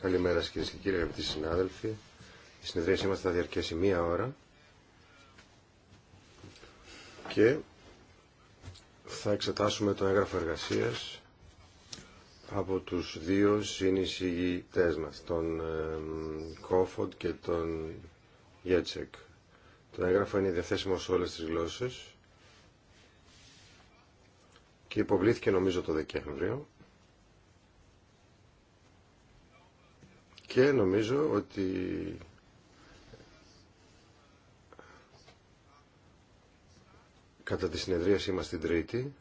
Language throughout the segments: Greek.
Καλημέρα σας κυρίες και κύριοι αγαπητοί συνάδελφοι. Η συνεδρίαση μας θα διαρκέσει μία ώρα και θα εξετάσουμε το έγγραφο εργασίας από τους δύο συνεισηγητές μας, τον ε, Κόφοντ και τον Γέτσεκ. Το έγγραφο είναι διαθέσιμο σε όλες τις γλώσσες και υποβλήθηκε νομίζω το Δεκέμβριο και νομίζω ότι κατά τη συνεδρίασή μας την Τρίτη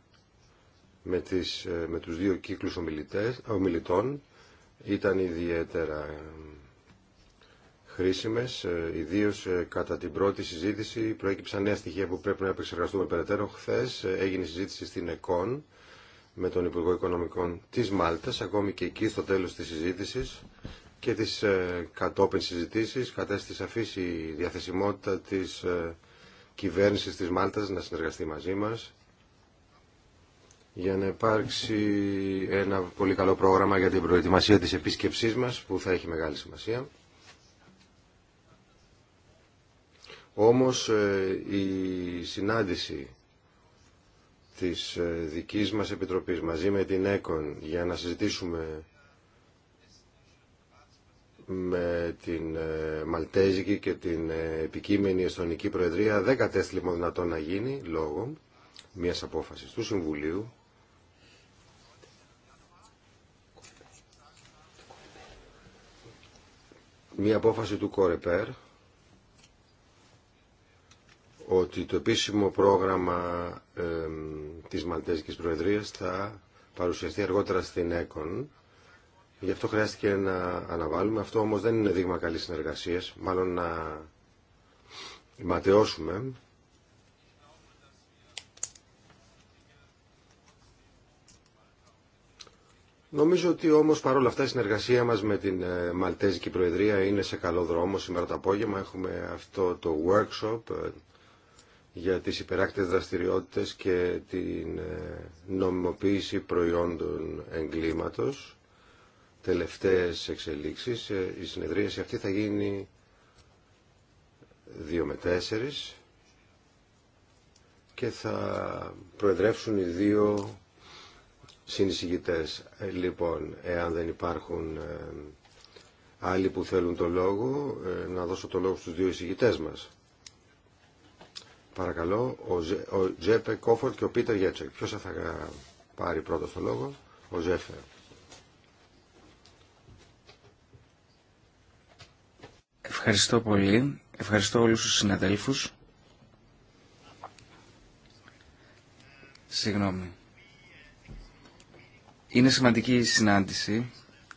με, τις, ε, με τους δύο κύκλους ομιλητές, ομιλητών ήταν ιδιαίτερα ε, χρήσιμες, ε, ιδίως ε, κατά την πρώτη συζήτηση προέκυψαν νέα στοιχεία που πρέπει να επεξεργαστούμε περαιτέρω. Χθε ε, έγινε συζήτηση στην ΕΚΟΝ με τον Υπουργό Οικονομικών της Μάλτας, ακόμη και εκεί στο τέλος της συζήτησης και της κατόπιν συζητήσεις κατέστη σαφής η διαθεσιμότητα της κυβέρνησης της Μάλτας να συνεργαστεί μαζί μας για να υπάρξει ένα πολύ καλό πρόγραμμα για την προετοιμασία της επίσκεψής μας που θα έχει μεγάλη σημασία. Όμως ε, η συνάντηση της ε, δικής μας Επιτροπής μαζί με την ΕΚΟΝ για να συζητήσουμε με την ε, Μαλτέζικη και την επικείμενη Εστονική Προεδρία δεν κατέστημα λοιπόν δυνατόν να γίνει λόγω μιας απόφασης του Συμβουλίου μια απόφαση του Κορεπέρ ότι το επίσημο πρόγραμμα ε, της Μαλτέζικης Προεδρίας θα παρουσιαστεί αργότερα στην ΕΚΟΝ. Γι' αυτό χρειάστηκε να αναβάλουμε. Αυτό όμως δεν είναι δείγμα καλής συνεργασίας. Μάλλον να ματαιώσουμε. Νομίζω ότι όμως παρόλα αυτά η συνεργασία μας με την ε, Μαλτέζικη Προεδρία είναι σε καλό δρόμο. Σήμερα το απόγευμα έχουμε αυτό το workshop ε, για τις υπεράκτες δραστηριότητες και την ε, νομιμοποίηση προϊόντων εγκλήματος. Τελευταίες εξελίξεις. Ε, η συνεδρίαση αυτή θα γίνει 2 με 4 και θα προεδρεύσουν οι δύο συνεισηγητές. Ε, λοιπόν, εάν δεν υπάρχουν άλλοι που θέλουν το λόγο, να δώσω το λόγο στους δύο εισηγητές μας. Παρακαλώ, ο Τζέπε Κόφορτ και ο Πίτερ Γέτσεκ. Ποιος θα πάρει πρώτο το λόγο, ο Ζέφερ. Ευχαριστώ πολύ. Ευχαριστώ όλους τους συναδέλφους. Συγγνώμη. Είναι σημαντική η συνάντηση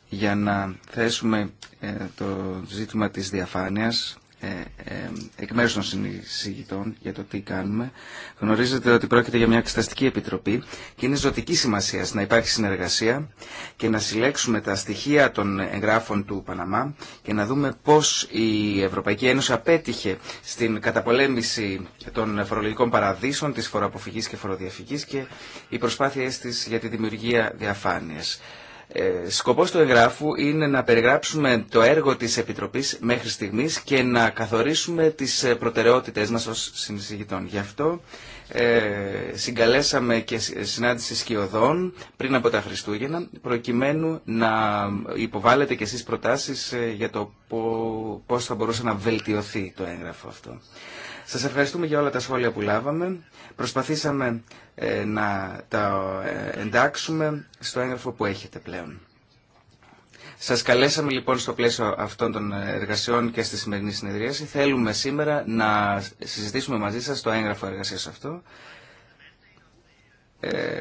για να θέσουμε ε, το ζήτημα της διαφάνειας ε, ε, εκ μέρους των συνεισηγητών για το τι κάνουμε. Γνωρίζετε ότι πρόκειται για μια εξεταστική επιτροπή και είναι ζωτική σημασία να υπάρχει συνεργασία και να συλλέξουμε τα στοιχεία των εγγράφων του Παναμά και να δούμε πώς η Ευρωπαϊκή Ένωση απέτυχε στην καταπολέμηση των φορολογικών παραδείσων, της φοροαποφυγής και φοροδιαφυγής και οι προσπάθειές της για τη δημιουργία διαφάνειας. Ε, σκοπός του εγγράφου είναι να περιγράψουμε το έργο της Επιτροπής μέχρι στιγμής και να καθορίσουμε τις ε, προτεραιότητες μας ως συνεισηγητών. Γι' αυτό ε, συγκαλέσαμε και ε, συνάντηση σκιωδών πριν από τα Χριστούγεννα προκειμένου να υποβάλλετε και εσείς προτάσεις για το πώς θα μπορούσε να βελτιωθεί το έγγραφο αυτό. Σας ευχαριστούμε για όλα τα σχόλια που λάβαμε. Προσπαθήσαμε ε, να τα ε, εντάξουμε στο έγγραφο που έχετε πλέον. Σας καλέσαμε λοιπόν στο πλαίσιο αυτών των εργασιών και στη σημερινή συνεδρίαση. Θέλουμε σήμερα να συζητήσουμε μαζί σας το έγγραφο εργασίας αυτό. Ε,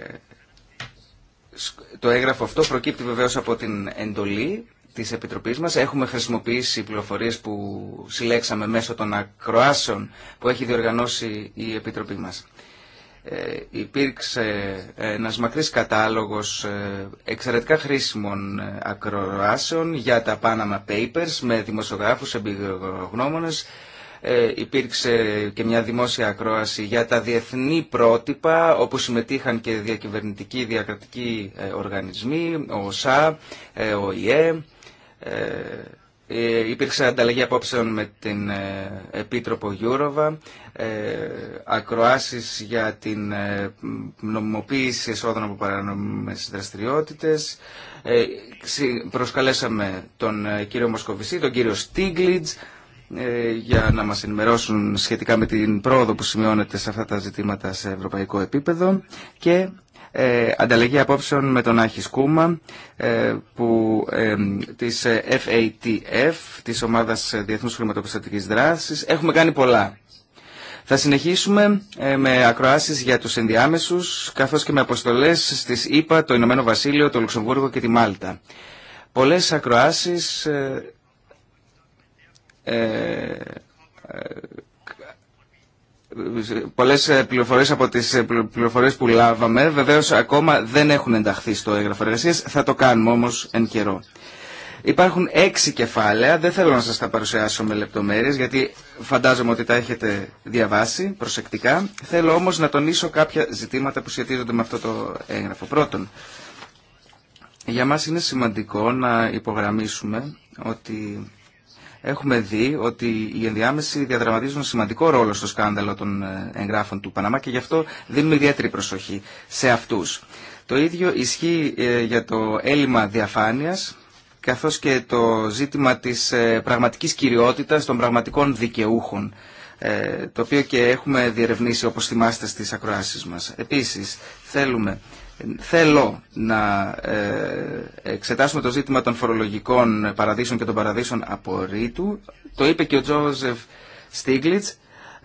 το έγγραφο αυτό προκύπτει βεβαίως από την εντολή της Επιτροπής μας. Έχουμε χρησιμοποιήσει πληροφορίες που συλλέξαμε μέσω των ακροάσεων που έχει διοργανώσει η Επιτροπή μας. Ε, υπήρξε ένας μακρύς κατάλογος ε, εξαιρετικά χρήσιμων ε, ακροάσεων για τα Panama Papers με δημοσιογράφους, εμπειρογνώμονες. Ε, υπήρξε και μια δημόσια ακρόαση για τα διεθνή πρότυπα όπου συμμετείχαν και διακυβερνητικοί διακρατικοί ε, οργανισμοί, ο ΣΑ, ο ΙΕ ε, ε, υπήρξε ανταλλαγή απόψεων με την ε, Επίτροπο Γιούροβα, ακροάσεις για την νομιμοποίηση εσόδων από παράνομες δραστηριότητες. Προσκαλέσαμε τον κύριο Μοσκοβισή, τον κύριο Στίγκλιτς, για να μας ενημερώσουν σχετικά με την πρόοδο που σημειώνεται σε αυτά τα ζητήματα σε ευρωπαϊκό επίπεδο και ε, ανταλλαγή απόψεων με τον Άχη Σκούμα ε, που, ε, της FATF, ε, της Ομάδας Διεθνούς Χρηματοπιστωτικής Δράσης. Έχουμε κάνει πολλά. Θα συνεχίσουμε με ακροάσεις για τους ενδιάμεσους, καθώς και με αποστολές στις ΗΠΑ, το Ηνωμένο Βασίλειο, το Λουξεμβούργο και τη Μάλτα. Πολλές ακροάσεις Πολλέ ε, πληροφορίε από τι ε, πληροφορίε που λάβαμε βεβαίω ακόμα δεν έχουν ενταχθεί στο έγγραφο εργασία. θα το κάνουμε όμω εν καιρό. Υπάρχουν έξι κεφάλαια, δεν θέλω να σα τα παρουσιάσω με λεπτομέρειες γιατί φαντάζομαι ότι τα έχετε διαβάσει προσεκτικά. Θέλω όμω να τονίσω κάποια ζητήματα που σχετίζονται με αυτό το έγγραφο. Πρώτον, για μας είναι σημαντικό να υπογραμμίσουμε ότι έχουμε δει ότι οι ενδιάμεσοι διαδραματίζουν σημαντικό ρόλο στο σκάνδαλο των ε, εγγράφων του Παναμά και γι' αυτό δίνουμε ιδιαίτερη προσοχή σε αυτούς. Το ίδιο ισχύει ε, για το έλλειμμα διαφάνειας καθώς και το ζήτημα της ε, πραγματικής κυριότητας των πραγματικών δικαιούχων ε, το οποίο και έχουμε διερευνήσει όπως θυμάστε στις ακροάσεις μας. Επίσης, θέλουμε, θέλω να ε, εξετάσουμε το ζήτημα των φορολογικών παραδείσων και των παραδείσων απορρίτου. Το είπε και ο Τζόζεφ Στίγκλιτς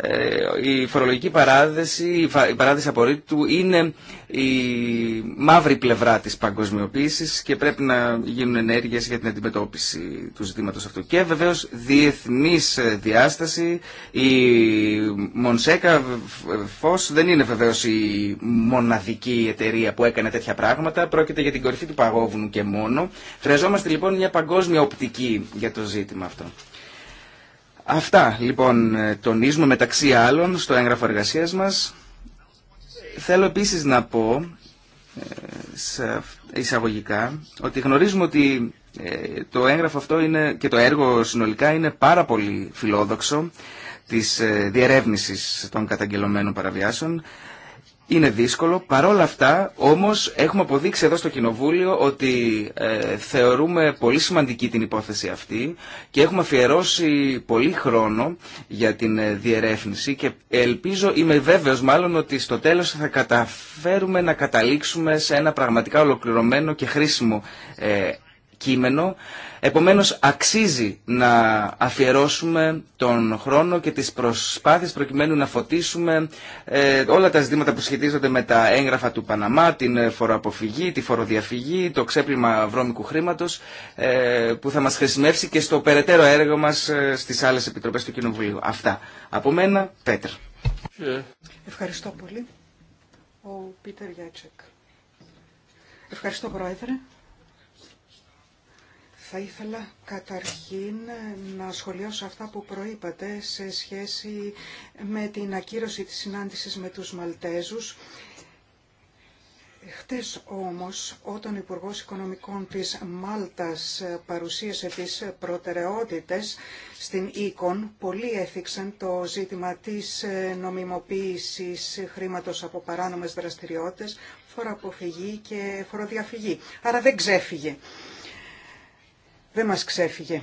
ε, η φορολογική παράδεση, η παράδεση απορρίτου είναι η μαύρη πλευρά της παγκοσμιοποίησης και πρέπει να γίνουν ενέργειες για την αντιμετώπιση του ζητήματος αυτού. Και βεβαίως διεθνής ε, διάσταση, η Μονσέκα Φως δεν είναι βεβαίως η μοναδική εταιρεία που έκανε τέτοια πράγματα, πρόκειται για την κορυφή του παγόβουνου και μόνο. Χρειαζόμαστε λοιπόν μια παγκόσμια οπτική για το ζήτημα αυτό. Αυτά λοιπόν ε, τονίζουμε μεταξύ άλλων στο έγγραφο εργασία μας. Θέλω επίσης να πω ε, εισαγωγικά ότι γνωρίζουμε ότι ε, το έγγραφο αυτό είναι, και το έργο συνολικά είναι πάρα πολύ φιλόδοξο της διερεύνησης των καταγγελωμένων παραβιάσεων. Είναι δύσκολο. Παρόλα αυτά, όμως, έχουμε αποδείξει εδώ στο Κοινοβούλιο ότι ε, θεωρούμε πολύ σημαντική την υπόθεση αυτή και έχουμε αφιερώσει πολύ χρόνο για την ε, διερεύνηση και ελπίζω, είμαι βέβαιος μάλλον, ότι στο τέλος θα καταφέρουμε να καταλήξουμε σε ένα πραγματικά ολοκληρωμένο και χρήσιμο ε, κείμενο. Επομένως αξίζει να αφιερώσουμε τον χρόνο και τις προσπάθειες προκειμένου να φωτίσουμε ε, όλα τα ζητήματα που σχετίζονται με τα έγγραφα του Παναμά, την ε, φοροαποφυγή, τη φοροδιαφυγή, το ξέπλυμα βρώμικου χρήματος ε, που θα μας χρησιμεύσει και στο περαιτέρω έργο μας στις άλλες επιτροπές του Κοινοβουλίου. Αυτά. Από μένα, Πέτρ. Ευχαριστώ πολύ. Ο Πίτερ Γιάτσεκ. Ευχαριστώ, Πρόεδρε. Θα ήθελα καταρχήν να σχολιάσω αυτά που προείπατε σε σχέση με την ακύρωση της συνάντησης με τους Μαλτέζους. Χτες όμως, όταν ο Υπουργός Οικονομικών της Μάλτας παρουσίασε τις προτεραιότητες στην Ίκον, πολλοί έθιξαν το ζήτημα της νομιμοποίησης χρήματος από παράνομες δραστηριότητες, φοροαποφυγή και φοροδιαφυγή. Άρα δεν ξέφυγε δεν μας ξέφυγε.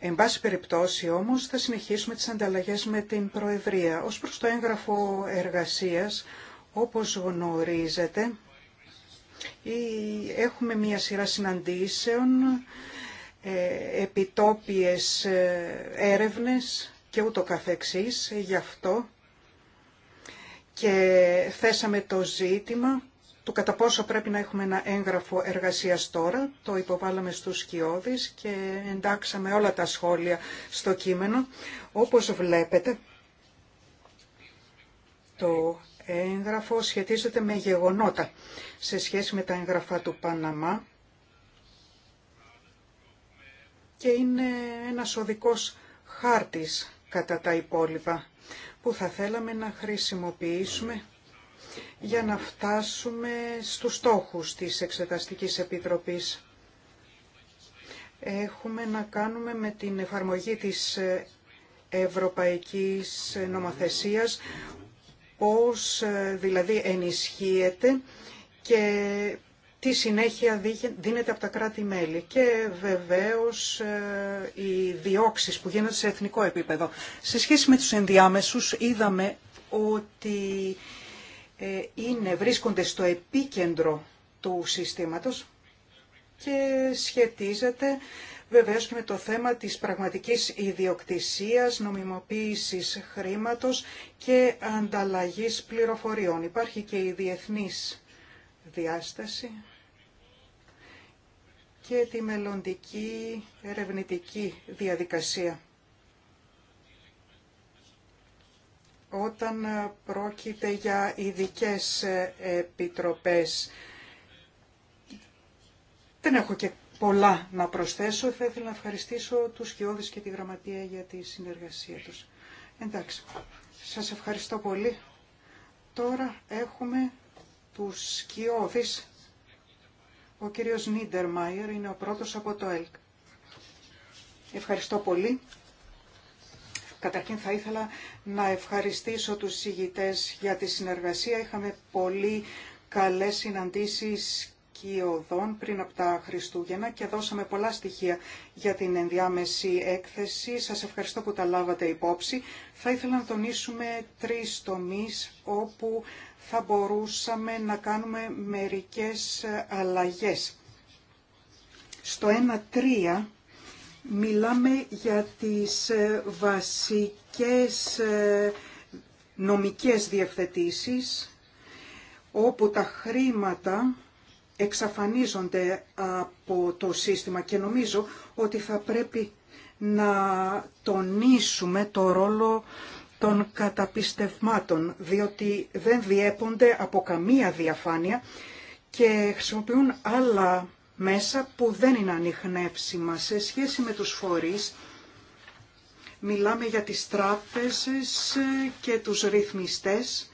Εν πάση περιπτώσει όμως θα συνεχίσουμε τις ανταλλαγές με την Προεδρία. Ως προς το έγγραφο εργασίας, όπως γνωρίζετε, έχουμε μία σειρά συναντήσεων, ε, επιτόπιες ε, έρευνες και ούτω καθεξής. Γι' αυτό και θέσαμε το ζήτημα του κατά πόσο πρέπει να έχουμε ένα έγγραφο εργασίας τώρα. Το υποβάλαμε στους σκιώδεις και εντάξαμε όλα τα σχόλια στο κείμενο. Όπως βλέπετε, το έγγραφο σχετίζεται με γεγονότα σε σχέση με τα έγγραφα του Παναμά και είναι ένας οδικός χάρτης κατά τα υπόλοιπα που θα θέλαμε να χρησιμοποιήσουμε για να φτάσουμε στους στόχους της Εξεταστικής Επιτροπής. Έχουμε να κάνουμε με την εφαρμογή της ευρωπαϊκής νομοθεσίας, πώς ε, δηλαδή ενισχύεται και τι συνέχεια δίνεται από τα κράτη-μέλη και βεβαίως ε, οι διώξεις που γίνονται σε εθνικό επίπεδο. Σε σχέση με τους ενδιάμεσους είδαμε ότι ε, είναι, βρίσκονται στο επίκεντρο του συστήματος και σχετίζεται βεβαίως με το θέμα της πραγματικής ιδιοκτησίας, νομιμοποίησης χρήματος και ανταλλαγής πληροφοριών. Υπάρχει και η διεθνής διάσταση και τη μελλοντική ερευνητική διαδικασία. όταν ε, πρόκειται για ειδικέ ε, επιτροπές. Δεν έχω και πολλά να προσθέσω. Θα ήθελα να ευχαριστήσω τους Σκιώδης και τη Γραμματεία για τη συνεργασία τους. Εντάξει, σας ευχαριστώ πολύ. Τώρα έχουμε τους Σκιώδης. Ο κύριος Νίτερμαιερ είναι ο πρώτος από το ΕΛΚ. Ευχαριστώ πολύ. Καταρχήν θα ήθελα να ευχαριστήσω τους συγητές για τη συνεργασία. Είχαμε πολύ καλές συναντήσεις οδών πριν από τα Χριστούγεννα και δώσαμε πολλά στοιχεία για την ενδιάμεση έκθεση. Σας ευχαριστώ που τα λάβατε υπόψη. Θα ήθελα να τονίσουμε τρεις τομείς όπου θα μπορούσαμε να κάνουμε μερικές αλλαγές. Στο 1.3 Μιλάμε για τις ε, βασικές ε, νομικές διευθετήσεις όπου τα χρήματα εξαφανίζονται από το σύστημα και νομίζω ότι θα πρέπει να τονίσουμε το ρόλο των καταπιστευμάτων, διότι δεν διέπονται από καμία διαφάνεια και χρησιμοποιούν άλλα μέσα που δεν είναι ανοιχνεύσιμα σε σχέση με τους φορείς. Μιλάμε για τις τράπεζες και τους ρυθμιστές,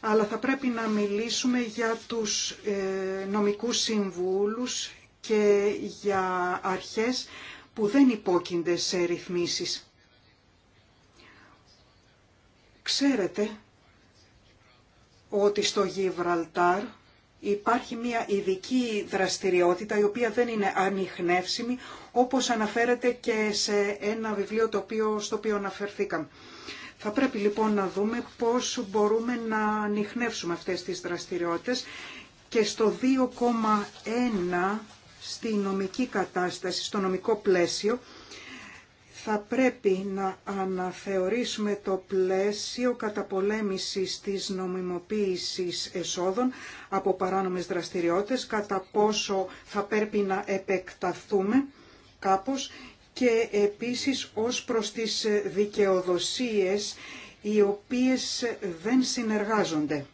αλλά θα πρέπει να μιλήσουμε για τους ε, νομικούς συμβούλους και για αρχές που δεν υπόκεινται σε ρυθμίσεις. Ξέρετε ότι στο Γιβραλτάρ υπάρχει μια ειδική δραστηριότητα η οποία δεν είναι ανιχνεύσιμη όπως αναφέρεται και σε ένα βιβλίο το οποίο, στο οποίο αναφερθήκαμε. Θα πρέπει λοιπόν να δούμε πώς μπορούμε να ανιχνεύσουμε αυτές τις δραστηριότητες και στο 2,1 στη νομική κατάσταση, στο νομικό πλαίσιο, θα πρέπει να αναθεωρήσουμε το πλαίσιο καταπολέμησης της νομιμοποίησης εσόδων από παράνομες δραστηριότητες, κατά πόσο θα πρέπει να επεκταθούμε κάπως και επίσης ως προς τις δικαιοδοσίες οι οποίες δεν συνεργάζονται.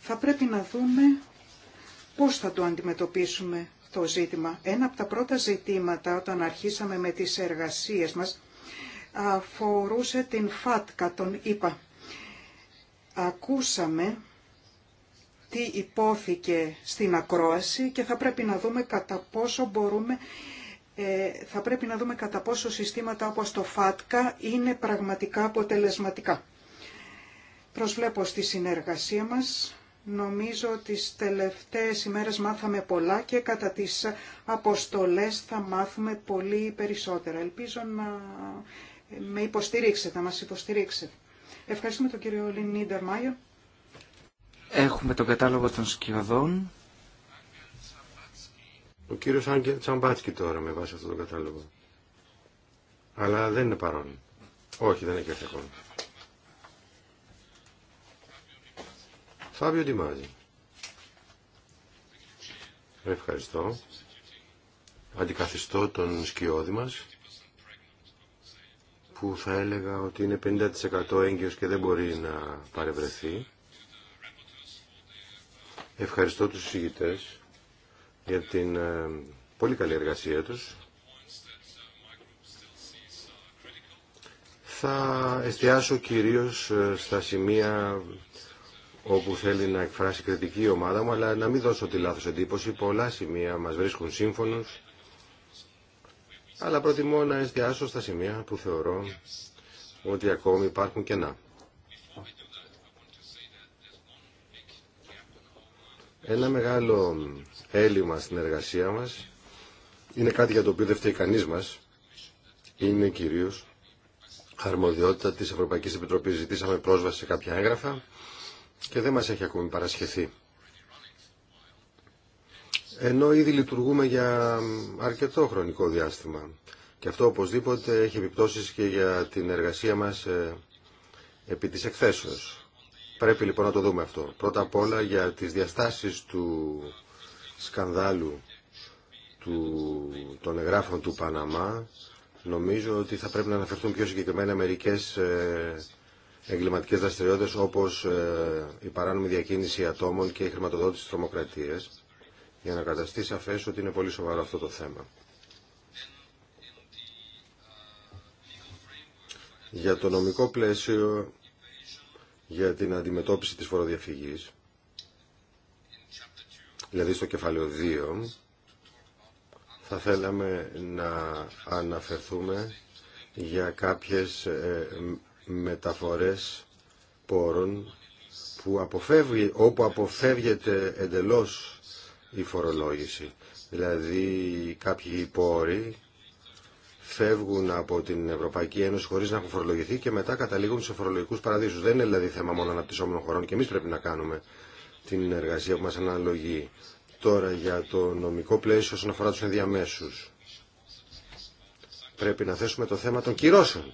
Θα πρέπει να δούμε πώς θα το αντιμετωπίσουμε το ζήτημα. Ένα από τα πρώτα ζητήματα όταν αρχίσαμε με τις εργασίες μας αφορούσε την ΦΑΤΚΑ, τον είπα. Ακούσαμε τι υπόθηκε στην ακρόαση και θα πρέπει να δούμε κατά πόσο μπορούμε ε, θα πρέπει να δούμε κατά πόσο συστήματα όπως το ΦΑΤΚΑ είναι πραγματικά αποτελεσματικά. Προσβλέπω στη συνεργασία μας Νομίζω ότι τις τελευταίες ημέρες μάθαμε πολλά και κατά τις αποστολές θα μάθουμε πολύ περισσότερα. Ελπίζω να με υποστηρίξετε, να μας υποστηρίξετε. Ευχαριστούμε τον κύριο Λινίντερ Μάιο. Έχουμε τον κατάλογο των σκιωδών. Ο κύριος Άγγελ Τσαμπάτσκι τώρα με βάζει αυτόν τον κατάλογο. Αλλά δεν είναι παρόν. Όχι, δεν έχει έρθει ακόμα. Φάβιο Ντιμάζη. Ευχαριστώ. Αντικαθιστώ τον σκιώδη μας που θα έλεγα ότι είναι 50% έγκυος και δεν μπορεί να παρευρεθεί. Ευχαριστώ τους συζητητές για την ε, πολύ καλή εργασία τους. Θα εστιάσω κυρίως ε, στα σημεία όπου θέλει να εκφράσει κριτική η ομάδα μου, αλλά να μην δώσω τη λάθος εντύπωση. Πολλά σημεία μας βρίσκουν σύμφωνος, αλλά προτιμώ να εστιάσω στα σημεία που θεωρώ ότι ακόμη υπάρχουν κενά. Ένα μεγάλο έλλειμμα στην εργασία μας είναι κάτι για το οποίο δεν φταίει κανείς μας. Είναι κυρίως αρμοδιότητα της Ευρωπαϊκής Επιτροπής. Ζητήσαμε πρόσβαση σε κάποια έγγραφα και δεν μας έχει ακόμη παρασχεθεί. Ενώ ήδη λειτουργούμε για αρκετό χρονικό διάστημα. Και αυτό οπωσδήποτε έχει επιπτώσεις και για την εργασία μας ε, επί της εκθέσεως. Πρέπει λοιπόν να το δούμε αυτό. Πρώτα απ' όλα για τις διαστάσεις του σκανδάλου του, των εγγράφων του Παναμά νομίζω ότι θα πρέπει να αναφερθούν πιο συγκεκριμένα μερικές ε, εγκληματικές δραστηριότητες όπως ε, η παράνομη διακίνηση ατόμων και η χρηματοδότηση της τρομοκρατίας για να καταστεί σαφές ότι είναι πολύ σοβαρό αυτό το θέμα. Για το νομικό πλαίσιο για την αντιμετώπιση της φοροδιαφυγής, δηλαδή στο κεφάλαιο 2, θα θέλαμε να αναφερθούμε για κάποιες ε, μεταφορές πόρων που αποφεύγει, όπου αποφεύγεται εντελώς η φορολόγηση. Δηλαδή κάποιοι πόροι φεύγουν από την Ευρωπαϊκή Ένωση χωρίς να έχουν φορολογηθεί και μετά καταλήγουν σε φορολογικούς παραδείσους. Δεν είναι δηλαδή θέμα μόνο αναπτυσσόμενων χωρών και εμείς πρέπει να κάνουμε την εργασία που μας αναλογεί. Τώρα για το νομικό πλαίσιο όσον αφορά τους ενδιαμέσους. Πρέπει να θέσουμε το θέμα των κυρώσεων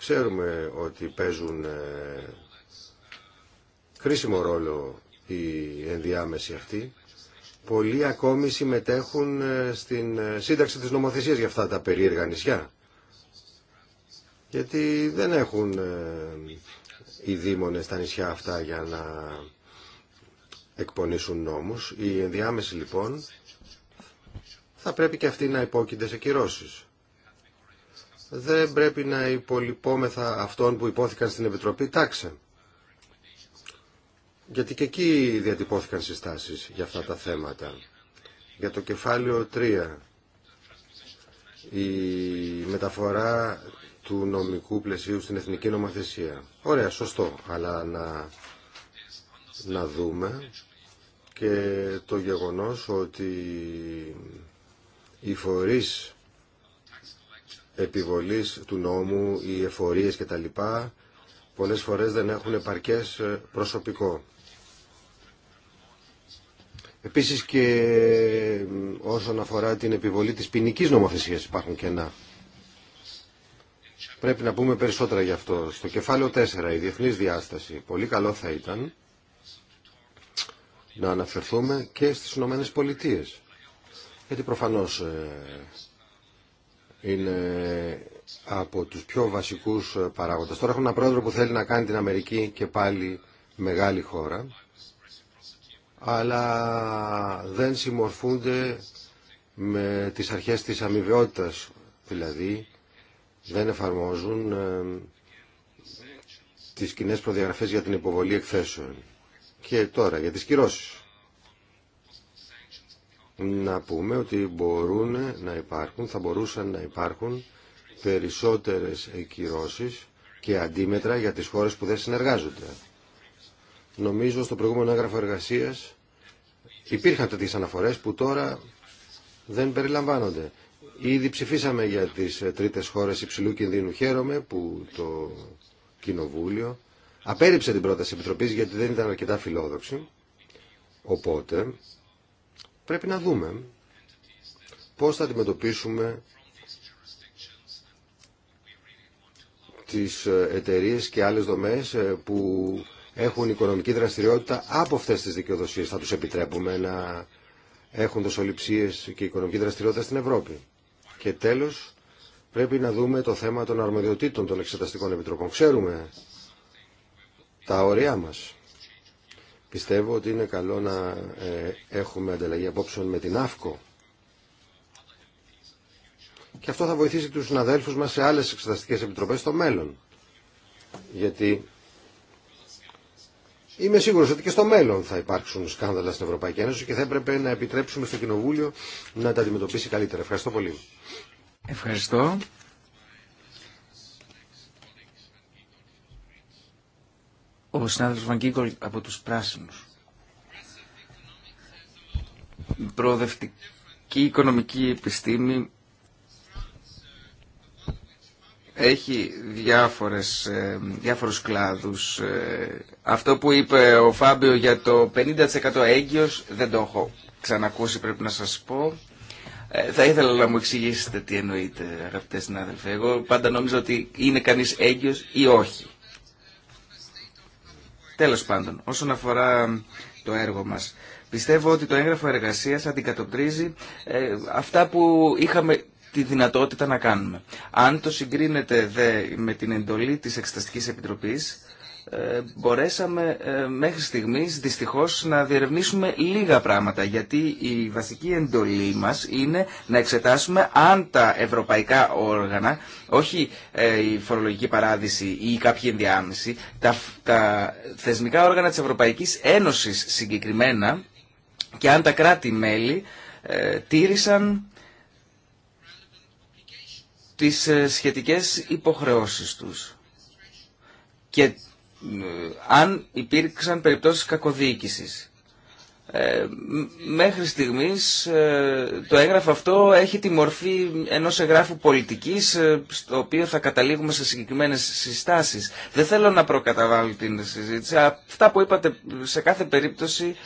Ξέρουμε ότι παίζουν ε, χρήσιμο ρόλο οι ενδιάμεσοι αυτοί. Πολλοί ακόμη συμμετέχουν ε, στην ε, σύνταξη της νομοθεσίας για αυτά τα περίεργα νησιά. Γιατί δεν έχουν οι δήμονες τα νησιά αυτά για να εκπονήσουν νόμους. Οι ενδιάμεσοι λοιπόν θα πρέπει και αυτοί να υπόκεινται σε κυρώσεις δεν πρέπει να υπολοιπόμεθα αυτών που υπόθηκαν στην Επιτροπή Τάξε. Γιατί και εκεί διατυπώθηκαν συστάσεις για αυτά τα θέματα. Για το κεφάλαιο 3, η μεταφορά του νομικού πλαισίου στην εθνική νομοθεσία. Ωραία, σωστό, αλλά να, να δούμε και το γεγονός ότι οι φορείς επιβολής του νόμου, οι εφορίες και τα λοιπά Πολλές φορές δεν έχουν επαρκές ε, προσωπικό. Επίσης και ε, όσον αφορά την επιβολή της ποινική νομοθεσίας υπάρχουν κενά. Πρέπει να πούμε περισσότερα γι' αυτό. Στο κεφάλαιο 4, η διεθνής διάσταση, πολύ καλό θα ήταν να αναφερθούμε και στις Ηνωμένε Πολιτείες. Γιατί προφανώς ε, είναι από τους πιο βασικούς ε, παράγοντες. Τώρα έχουμε ένα πρόεδρο που θέλει να κάνει την Αμερική και πάλι μεγάλη χώρα, αλλά δεν συμμορφούνται με τις αρχές της αμοιβαιότητας, δηλαδή δεν εφαρμόζουν ε, τις κοινέ προδιαγραφές για την υποβολή εκθέσεων. Και τώρα για τις κυρώσεις να πούμε ότι μπορούν να υπάρχουν, θα μπορούσαν να υπάρχουν περισσότερες εκκυρώσεις και αντίμετρα για τις χώρες που δεν συνεργάζονται. Νομίζω στο προηγούμενο έγγραφο εργασίας υπήρχαν τέτοιες αναφορές που τώρα δεν περιλαμβάνονται. Ήδη ψηφίσαμε για τις τρίτες χώρες υψηλού κινδύνου. Χαίρομαι που το Κοινοβούλιο απέρριψε την πρόταση Επιτροπής γιατί δεν ήταν αρκετά φιλόδοξη. Οπότε Πρέπει να δούμε πώς θα αντιμετωπίσουμε τις εταιρείε και άλλες δομές ε, που έχουν οικονομική δραστηριότητα από αυτές τις δικαιοδοσίες. Θα τους επιτρέπουμε να έχουν δοσοληψίες και οικονομική δραστηριότητα στην Ευρώπη. Και τέλος, πρέπει να δούμε το θέμα των αρμοδιοτήτων των εξεταστικών επιτροπών. Ξέρουμε τα όρια μας. Πιστεύω ότι είναι καλό να ε, έχουμε ανταλλαγή απόψεων με την ΑΦΚΟ. Και αυτό θα βοηθήσει τους συναδέλφους μας σε άλλες εξεταστικές επιτροπές στο μέλλον. Γιατί είμαι σίγουρος ότι και στο μέλλον θα υπάρξουν σκάνδαλα στην Ευρωπαϊκή Ένωση και θα έπρεπε να επιτρέψουμε στο Κοινοβούλιο να τα αντιμετωπίσει καλύτερα. Ευχαριστώ πολύ. Ευχαριστώ. ο συνάδελφος Βαγκίγκολ από τους Πράσινους. Προοδευτική οικονομική επιστήμη έχει διάφορες, ε, διάφορους κλάδους. Ε. Αυτό που είπε ο Φάμπιο για το 50% έγκυος δεν το έχω ξανακούσει πρέπει να σας πω. Ε, θα ήθελα να μου εξηγήσετε τι εννοείτε αγαπητέ συνάδελφοι. Εγώ πάντα νόμιζα ότι είναι κανείς έγκυος ή όχι. Τέλος πάντων, όσον αφορά το έργο μας, πιστεύω ότι το έγγραφο εργασίας αντικατοπτρίζει ε, αυτά που είχαμε τη δυνατότητα να κάνουμε. Αν το συγκρίνετε δε με την εντολή της Εξεταστικής Επιτροπής, μπορέσαμε ε, μέχρι στιγμής δυστυχώς να διερευνήσουμε λίγα πράγματα γιατί η βασική εντολή μας είναι να εξετάσουμε αν τα ευρωπαϊκά όργανα όχι ε, η φορολογική παράδειση ή κάποια ενδιάμεση τα, τα θεσμικά όργανα της Ευρωπαϊκής Ένωσης συγκεκριμένα και αν τα κράτη-μέλη ε, τήρησαν τις σχετικές υποχρεώσεις τους. Και αν υπήρξαν περιπτώσεις κακοδιοίκησης. Ε, μέχρι στιγμής ε, το έγγραφο αυτό έχει τη μορφή ενός εγγράφου πολιτικής ε, στο οποίο θα καταλήγουμε σε συγκεκριμένες συστάσεις. Δεν θέλω να προκαταβάλω την συζήτηση. Αυτά που είπατε σε κάθε περίπτωση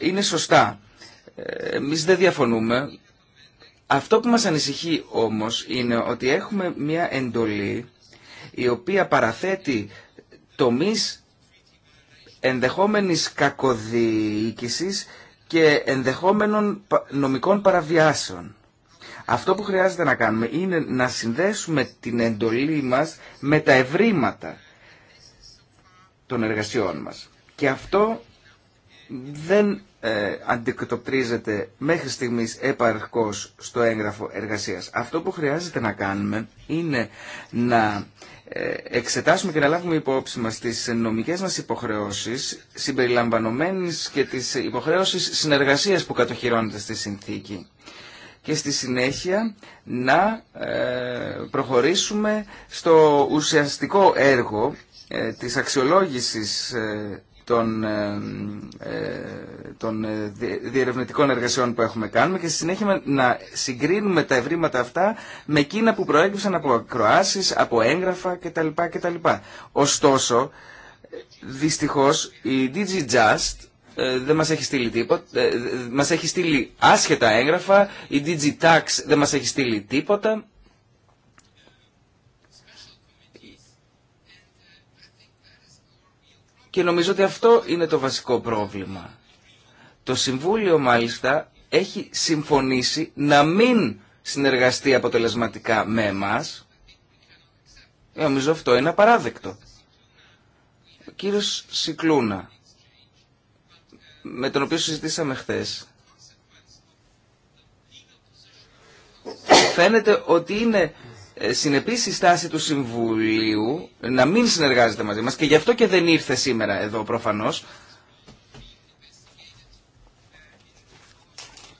είναι σωστά. Εμείς δεν διαφωνούμε. Αυτό που μας ανησυχεί όμως είναι ότι έχουμε μια εντολή η οποία παραθέτει τομείς ενδεχόμενης κακοδιοίκησης και ενδεχόμενων νομικών παραβιάσεων. Αυτό που χρειάζεται να κάνουμε είναι να συνδέσουμε την εντολή μας με τα ευρήματα των εργασιών μας. Και αυτό δεν ε, μέχρι στιγμής επαρκώς στο έγγραφο εργασίας. Αυτό που χρειάζεται να κάνουμε είναι να ε, εξετάσουμε και να λάβουμε υπόψη μας τις νομικές μας υποχρεώσεις συμπεριλαμβανομένης και τις υποχρεώσεις συνεργασίας που κατοχυρώνεται στη συνθήκη και στη συνέχεια να ε, προχωρήσουμε στο ουσιαστικό έργο ε, της αξιολόγησης των, ε, ε, των ε, διερευνητικών εργασιών που έχουμε κάνει και στη συνέχεια να συγκρίνουμε τα ευρήματα αυτά με εκείνα που προέκυψαν από ακροάσεις, από έγγραφα κτλ. κτλ. Ωστόσο, δυστυχώς η DG Just δεν μας έχει στείλει τίποτα, μας έχει στείλει άσχετα έγγραφα, η Tax δεν μας έχει στείλει τίποτα Και νομίζω ότι αυτό είναι το βασικό πρόβλημα. Το Συμβούλιο μάλιστα έχει συμφωνήσει να μην συνεργαστεί αποτελεσματικά με εμάς. Νομίζω αυτό είναι απαράδεκτο. Ο κύριος Σικλούνα, με τον οποίο συζητήσαμε χθες, φαίνεται ότι είναι ε, συνεπή η στάση του Συμβουλίου να μην συνεργάζεται μαζί μας και γι' αυτό και δεν ήρθε σήμερα εδώ προφανώς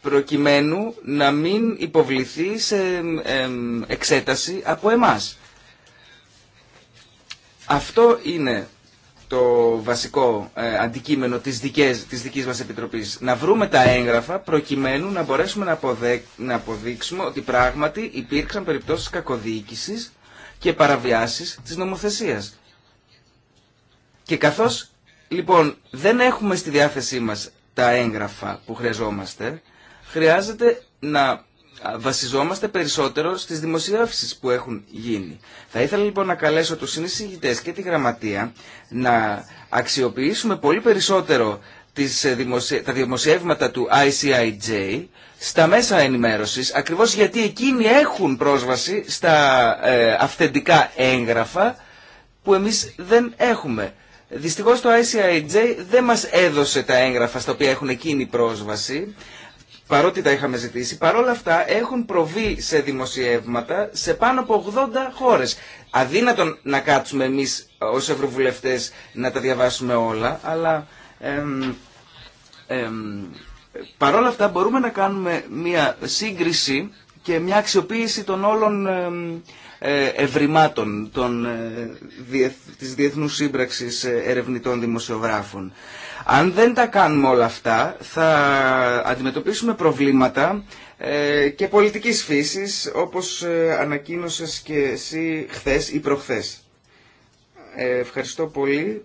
προκειμένου να μην υποβληθεί σε εξέταση από εμάς. Αυτό είναι το βασικό ε, αντικείμενο της, δικές, της δικής μας Επιτροπής. Να βρούμε τα έγγραφα προκειμένου να μπορέσουμε να, να αποδείξουμε ότι πράγματι υπήρξαν περιπτώσεις κακοδιοίκησης και παραβιάσεις της νομοθεσίας. Και καθώς λοιπόν δεν έχουμε στη διάθεσή μας τα έγγραφα που χρειαζόμαστε, χρειάζεται να βασιζόμαστε περισσότερο στις δημοσιεύσεις που έχουν γίνει. Θα ήθελα λοιπόν να καλέσω τους συνεισηγητές και τη γραμματεία να αξιοποιήσουμε πολύ περισσότερο τις, ε, τα δημοσιεύματα του ICIJ στα μέσα ενημέρωσης, ακριβώς γιατί εκείνοι έχουν πρόσβαση στα ε, αυθεντικά έγγραφα που εμείς δεν έχουμε. Δυστυχώς το ICIJ δεν μας έδωσε τα έγγραφα στα οποία έχουν εκείνη πρόσβαση παρότι τα είχαμε ζητήσει, παρόλα αυτά έχουν προβεί σε δημοσιεύματα σε πάνω από 80 χώρες. Αδύνατον να κάτσουμε εμείς ως ευρωβουλευτές να τα διαβάσουμε όλα, αλλά παρόλα αυτά μπορούμε να κάνουμε μια σύγκριση και μια αξιοποίηση των όλων ε, ευρημάτων των, ε, της Διεθνούς Σύμπραξης ε, Ερευνητών Δημοσιογράφων. Αν δεν τα κάνουμε όλα αυτά θα αντιμετωπίσουμε προβλήματα ε, και πολιτικής φύσης όπως ε, ανακοίνωσες και εσύ χθες ή προχθές. Ε, ευχαριστώ πολύ.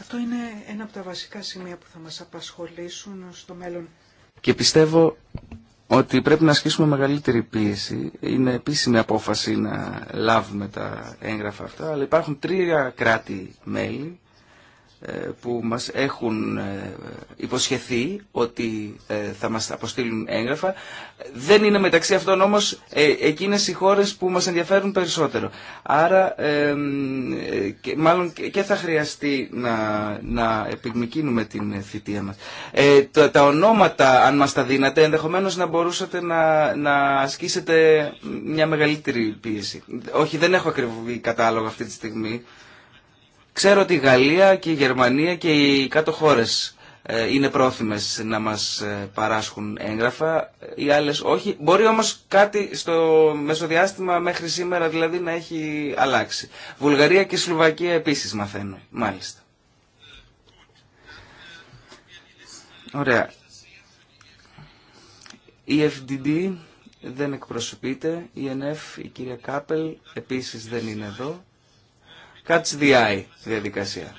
Αυτό είναι ένα από τα βασικά σημεία που θα μας απασχολήσουν στο μέλλον. Και πιστεύω ότι πρέπει να ασκήσουμε μεγαλύτερη πίεση. Είναι επίσημη απόφαση να λάβουμε τα έγγραφα αυτά, αλλά υπάρχουν τρία κράτη-μέλη ε, που μας έχουν ε, υποσχεθεί ότι ε, θα μας αποστείλουν έγγραφα. Δεν είναι μεταξύ αυτών όμως εκείνες οι χώρες που μας ενδιαφέρουν περισσότερο. Άρα και, μάλλον και θα χρειαστεί να, να την θητεία μας. τα, ονόματα αν μας τα δίνατε ενδεχομένως να μπορούσατε να, να ασκήσετε μια μεγαλύτερη πίεση. Όχι δεν έχω ακριβή κατάλογο αυτή τη στιγμή Ξέρω ότι η Γαλλία και η Γερμανία και οι κάτω χώρες ε, είναι πρόθυμες να μας ε, παράσχουν έγγραφα, ε, οι άλλες όχι. Μπορεί όμως κάτι στο μεσοδιάστημα μέχρι σήμερα δηλαδή να έχει αλλάξει. Βουλγαρία και Σλοβακία επίσης μαθαίνω, μάλιστα. Ωραία. Η FDD δεν εκπροσωπείται, η NF, η κυρία Κάπελ επίσης δεν είναι εδώ. Catch the eye διαδικασία.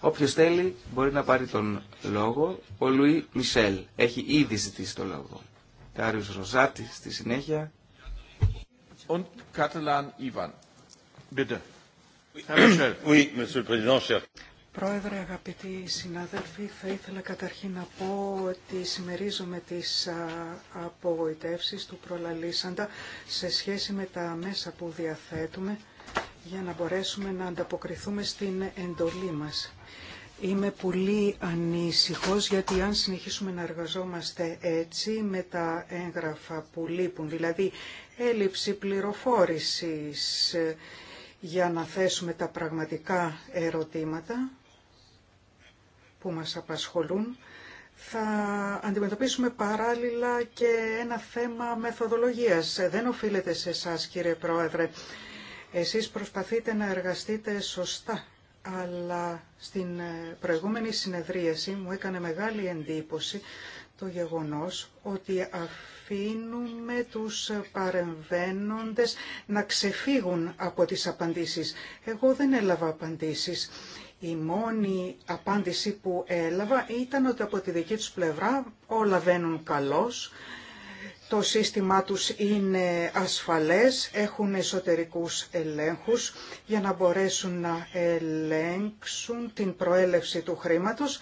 Όποιο θέλει μπορεί να πάρει τον λόγο. Ο Λουί Μισελ έχει ήδη ζητήσει τον λόγο. Κάριος Ροζάτη στη συνέχεια. Und Catalan Ivan. Bitte. Monsieur le Président, cher. Πρόεδρε, αγαπητοί συνάδελφοι, θα ήθελα καταρχήν να πω ότι συμμερίζομαι τις απογοητεύσεις του προλαλήσαντα σε σχέση με τα μέσα που διαθέτουμε για να μπορέσουμε να ανταποκριθούμε στην εντολή μας. Είμαι πολύ ανησυχός γιατί αν συνεχίσουμε να εργαζόμαστε έτσι με τα έγγραφα που λείπουν, δηλαδή έλλειψη πληροφόρησης ε, για να θέσουμε τα πραγματικά ερωτήματα που μας απασχολούν, θα αντιμετωπίσουμε παράλληλα και ένα θέμα μεθοδολογίας. Δεν οφείλεται σε εσά, κύριε Πρόεδρε, εσείς προσπαθείτε να εργαστείτε σωστά, αλλά στην ε, προηγούμενη συνεδρίαση μου έκανε μεγάλη εντύπωση το γεγονός ότι αφήνουμε τους παρεμβαίνοντες να ξεφύγουν από τις απαντήσεις. Εγώ δεν έλαβα απαντήσεις. Η μόνη απάντηση που έλαβα ήταν ότι από τη δική τους πλευρά όλα βαίνουν καλώς το σύστημά τους είναι ασφαλές, έχουν εσωτερικούς ελέγχους για να μπορέσουν να ελέγξουν την προέλευση του χρήματος.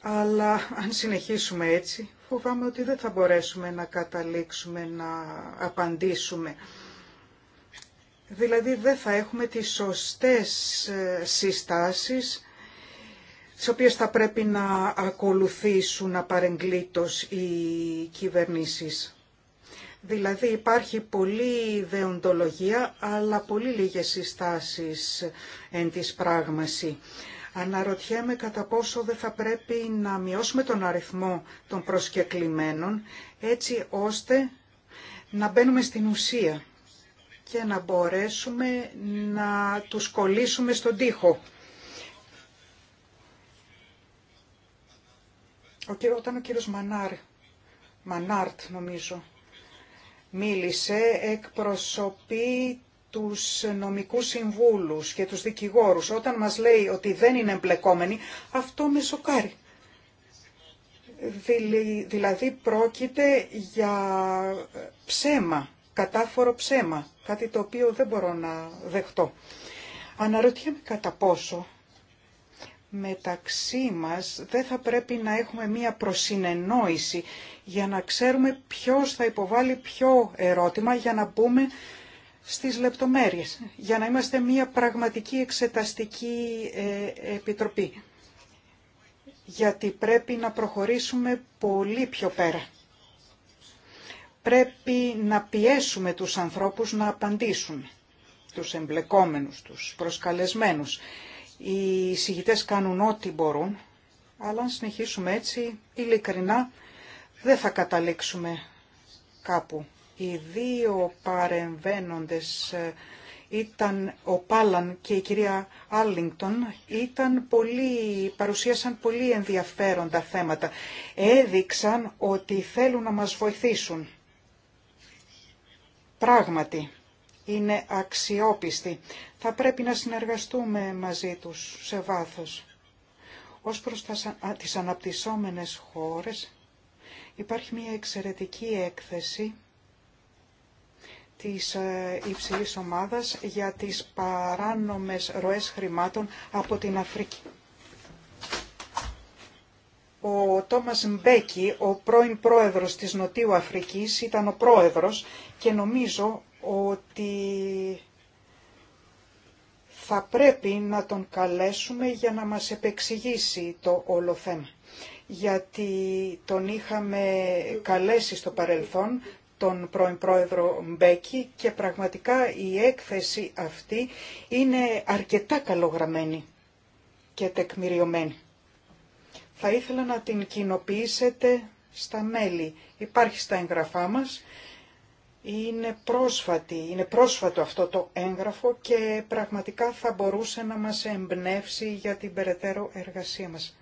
Αλλά αν συνεχίσουμε έτσι, φοβάμαι ότι δεν θα μπορέσουμε να καταλήξουμε, να απαντήσουμε. Δηλαδή δεν θα έχουμε τις σωστές ε, συστάσεις τις οποίες θα πρέπει να ακολουθήσουν απαρεγκλήτως οι κυβερνήσεις. Δηλαδή υπάρχει πολλή δεοντολογία, αλλά πολύ λίγες συστάσεις εν της πράγμαση. Αναρωτιέμαι κατά πόσο δεν θα πρέπει να μειώσουμε τον αριθμό των προσκεκλημένων, έτσι ώστε να μπαίνουμε στην ουσία και να μπορέσουμε να τους κολλήσουμε στον τοίχο. ο, όταν ο κύριος Μανάρ, Μανάρτ νομίζω, μίλησε, εκπροσωπεί τους νομικούς συμβούλους και τους δικηγόρους. Όταν μας λέει ότι δεν είναι εμπλεκόμενοι, αυτό με σοκάρει. Δηλαδή πρόκειται για ψέμα, κατάφορο ψέμα, κάτι το οποίο δεν μπορώ να δεχτώ. Αναρωτιέμαι κατά πόσο μεταξύ μας δεν θα πρέπει να έχουμε μία προσυνεννόηση για να ξέρουμε ποιος θα υποβάλει ποιο ερώτημα για να μπούμε στις λεπτομέρειες, για να είμαστε μία πραγματική εξεταστική ε, επιτροπή. Γιατί πρέπει να προχωρήσουμε πολύ πιο πέρα. Πρέπει να πιέσουμε τους ανθρώπους να απαντήσουν, τους εμπλεκόμενους, τους προσκαλεσμένους. Οι συγητές κάνουν ό,τι μπορούν, αλλά αν συνεχίσουμε έτσι, ειλικρινά, δεν θα καταλήξουμε κάπου. Οι δύο παρεμβαίνοντες ε, ήταν ο Πάλαν και η κυρία Άλλινγκτον ήταν πολύ, παρουσίασαν πολύ ενδιαφέροντα θέματα. Έδειξαν ότι θέλουν να μας βοηθήσουν. Πράγματι, είναι αξιόπιστοι. Θα πρέπει να συνεργαστούμε μαζί τους σε βάθος. Ως προς τις αναπτυσσόμενες χώρες υπάρχει μια εξαιρετική έκθεση της ε, υψηλής ομάδας για τις παράνομες ροές χρημάτων από την Αφρική. Ο Τόμας Μπέκι, ο πρώην πρόεδρος της Νοτιού Αφρικής, ήταν ο πρόεδρος και νομίζω ότι θα πρέπει να τον καλέσουμε για να μας επεξηγήσει το όλο θέμα. Γιατί τον είχαμε καλέσει στο παρελθόν, τον πρώην πρόεδρο Μπέκη και πραγματικά η έκθεση αυτή είναι αρκετά καλογραμμένη και τεκμηριωμένη. Θα ήθελα να την κοινοποιήσετε στα μέλη. Υπάρχει στα εγγραφά μας είναι, πρόσφατη, είναι πρόσφατο αυτό το έγγραφο και πραγματικά θα μπορούσε να μας εμπνεύσει για την περαιτέρω εργασία μας.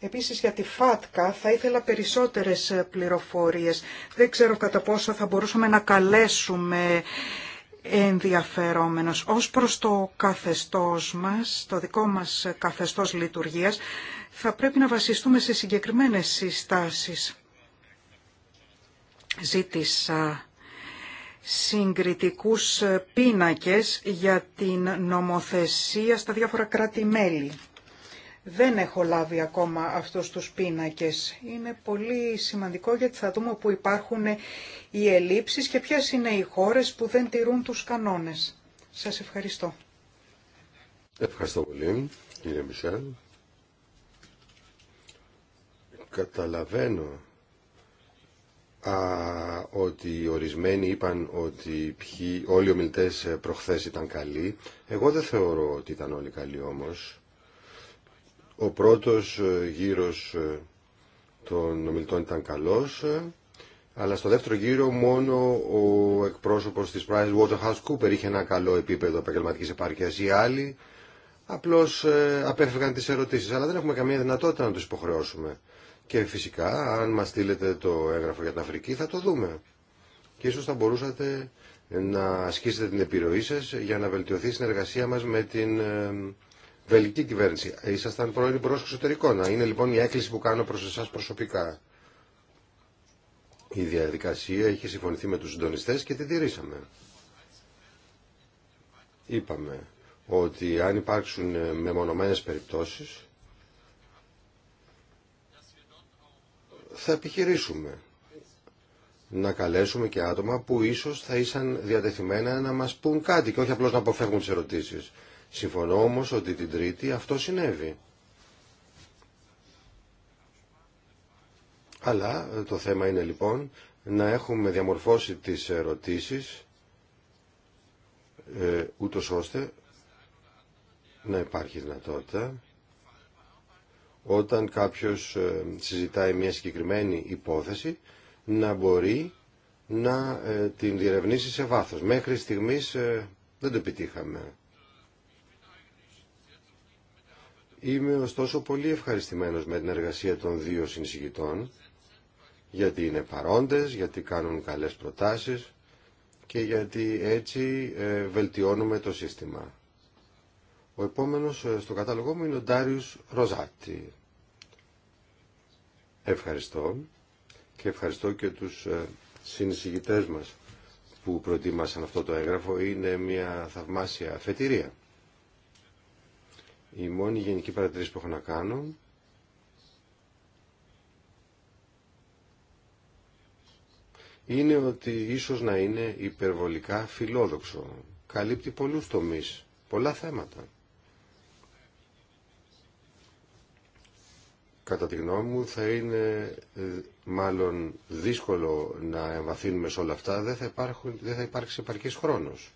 Επίσης για τη ΦΑΤΚΑ θα ήθελα περισσότερες πληροφορίες. Δεν ξέρω κατά πόσο θα μπορούσαμε να καλέσουμε ενδιαφερόμενος. Ως προς το καθεστώς μας, το δικό μας καθεστώς λειτουργίας, θα πρέπει να βασιστούμε σε συγκεκριμένες συστάσεις. Ζήτησα συγκριτικούς πίνακες για την νομοθεσία στα διάφορα κράτη-μέλη. Δεν έχω λάβει ακόμα αυτούς τους πίνακες. Είναι πολύ σημαντικό γιατί θα δούμε που υπάρχουν οι ελλείψεις και ποιες είναι οι χώρες που δεν τηρούν τους κανόνες. Σας ευχαριστώ. Ευχαριστώ πολύ, κύριε Μισελ. Καταλαβαίνω α, ότι ορισμένοι είπαν ότι όλοι οι ομιλητές ε, προχθές ήταν καλοί. Εγώ δεν θεωρώ ότι ήταν όλοι καλοί όμως. Ο πρώτος ε, γύρος ε, των ομιλητών ήταν καλός, αλλά στο δεύτερο γύρο μόνο ο εκπρόσωπος της Price Waterhouse Cooper είχε ένα καλό επίπεδο επαγγελματικής επάρκειας. ή άλλοι απλώς απέφευγαν τις ερωτήσεις, αλλά δεν έχουμε καμία δυνατότητα να τους υποχρεώσουμε. Και φυσικά, αν μας στείλετε το έγγραφο για την Αφρική, θα το δούμε. Και ίσως θα μπορούσατε να ασκήσετε την επιρροή σας για να βελτιωθεί η συνεργασία μας με την ε, βελική κυβέρνηση. Ήσασταν πρώην εξωτερικό. Να Είναι λοιπόν η έκκληση που κάνω προς εσάς προσωπικά. Η διαδικασία είχε συμφωνηθεί με τους συντονιστές και τη τηρήσαμε. Είπαμε ότι αν υπάρξουν ε, μεμονωμένες περιπτώσεις θα επιχειρήσουμε να καλέσουμε και άτομα που ίσως θα ήσαν διατεθειμένα να μας πούν κάτι και όχι απλώς να αποφεύγουν τις ερωτήσεις. Συμφωνώ όμως ότι την Τρίτη αυτό συνέβη. Αλλά το θέμα είναι λοιπόν να έχουμε διαμορφώσει τις ερωτήσεις ε, ούτως ώστε να υπάρχει δυνατότητα όταν κάποιος ε, συζητάει μια συγκεκριμένη υπόθεση να μπορεί να ε, την διερευνήσει σε βάθος. Μέχρι στιγμής ε, δεν το επιτύχαμε. Είμαι ωστόσο πολύ ευχαριστημένος με την εργασία των δύο συνσηγητών, γιατί είναι παρόντες, γιατί κάνουν καλές προτάσεις και γιατί έτσι βελτιώνουμε το σύστημα. Ο επόμενος στο κατάλογό μου είναι ο Ντάριος Ροζάτη. Ευχαριστώ και ευχαριστώ και τους ε, συνεισηγητές μας που προετοίμασαν αυτό το έγγραφο. Είναι μια θαυμάσια αφετηρία. Η μόνη γενική παρατηρήση που έχω να κάνω είναι ότι ίσως να είναι υπερβολικά φιλόδοξο. Καλύπτει πολλούς τομείς, πολλά θέματα. κατά τη γνώμη μου θα είναι ε, μάλλον δύσκολο να εμβαθύνουμε σε όλα αυτά, δεν θα, υπάρχουν, δεν θα υπάρξει επαρκής χρόνος.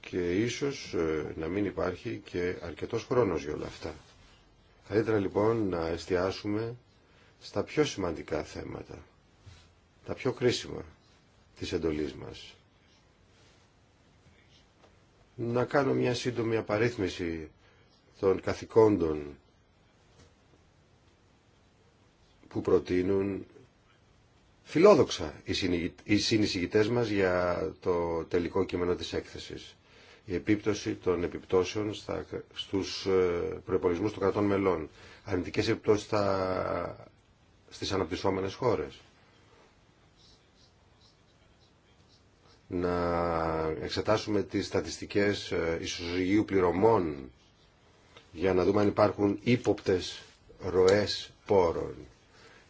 Και ίσως ε, να μην υπάρχει και αρκετός χρόνος για όλα αυτά. Καλύτερα λοιπόν να εστιάσουμε στα πιο σημαντικά θέματα, τα πιο κρίσιμα της εντολής μας. Να κάνω μια σύντομη απαρίθμηση των καθηκόντων που προτείνουν φιλόδοξα οι συνεισηγητές μας για το τελικό κείμενο της έκθεσης. Η επίπτωση των επιπτώσεων στα, στους ε, προϋπολογισμούς των κρατών μελών. Αρνητικές επιπτώσεις στα, στις αναπτυσσόμενες χώρες. Να εξετάσουμε τις στατιστικές ε, ισοζυγίου πληρωμών για να δούμε αν υπάρχουν ύποπτες ροές πόρων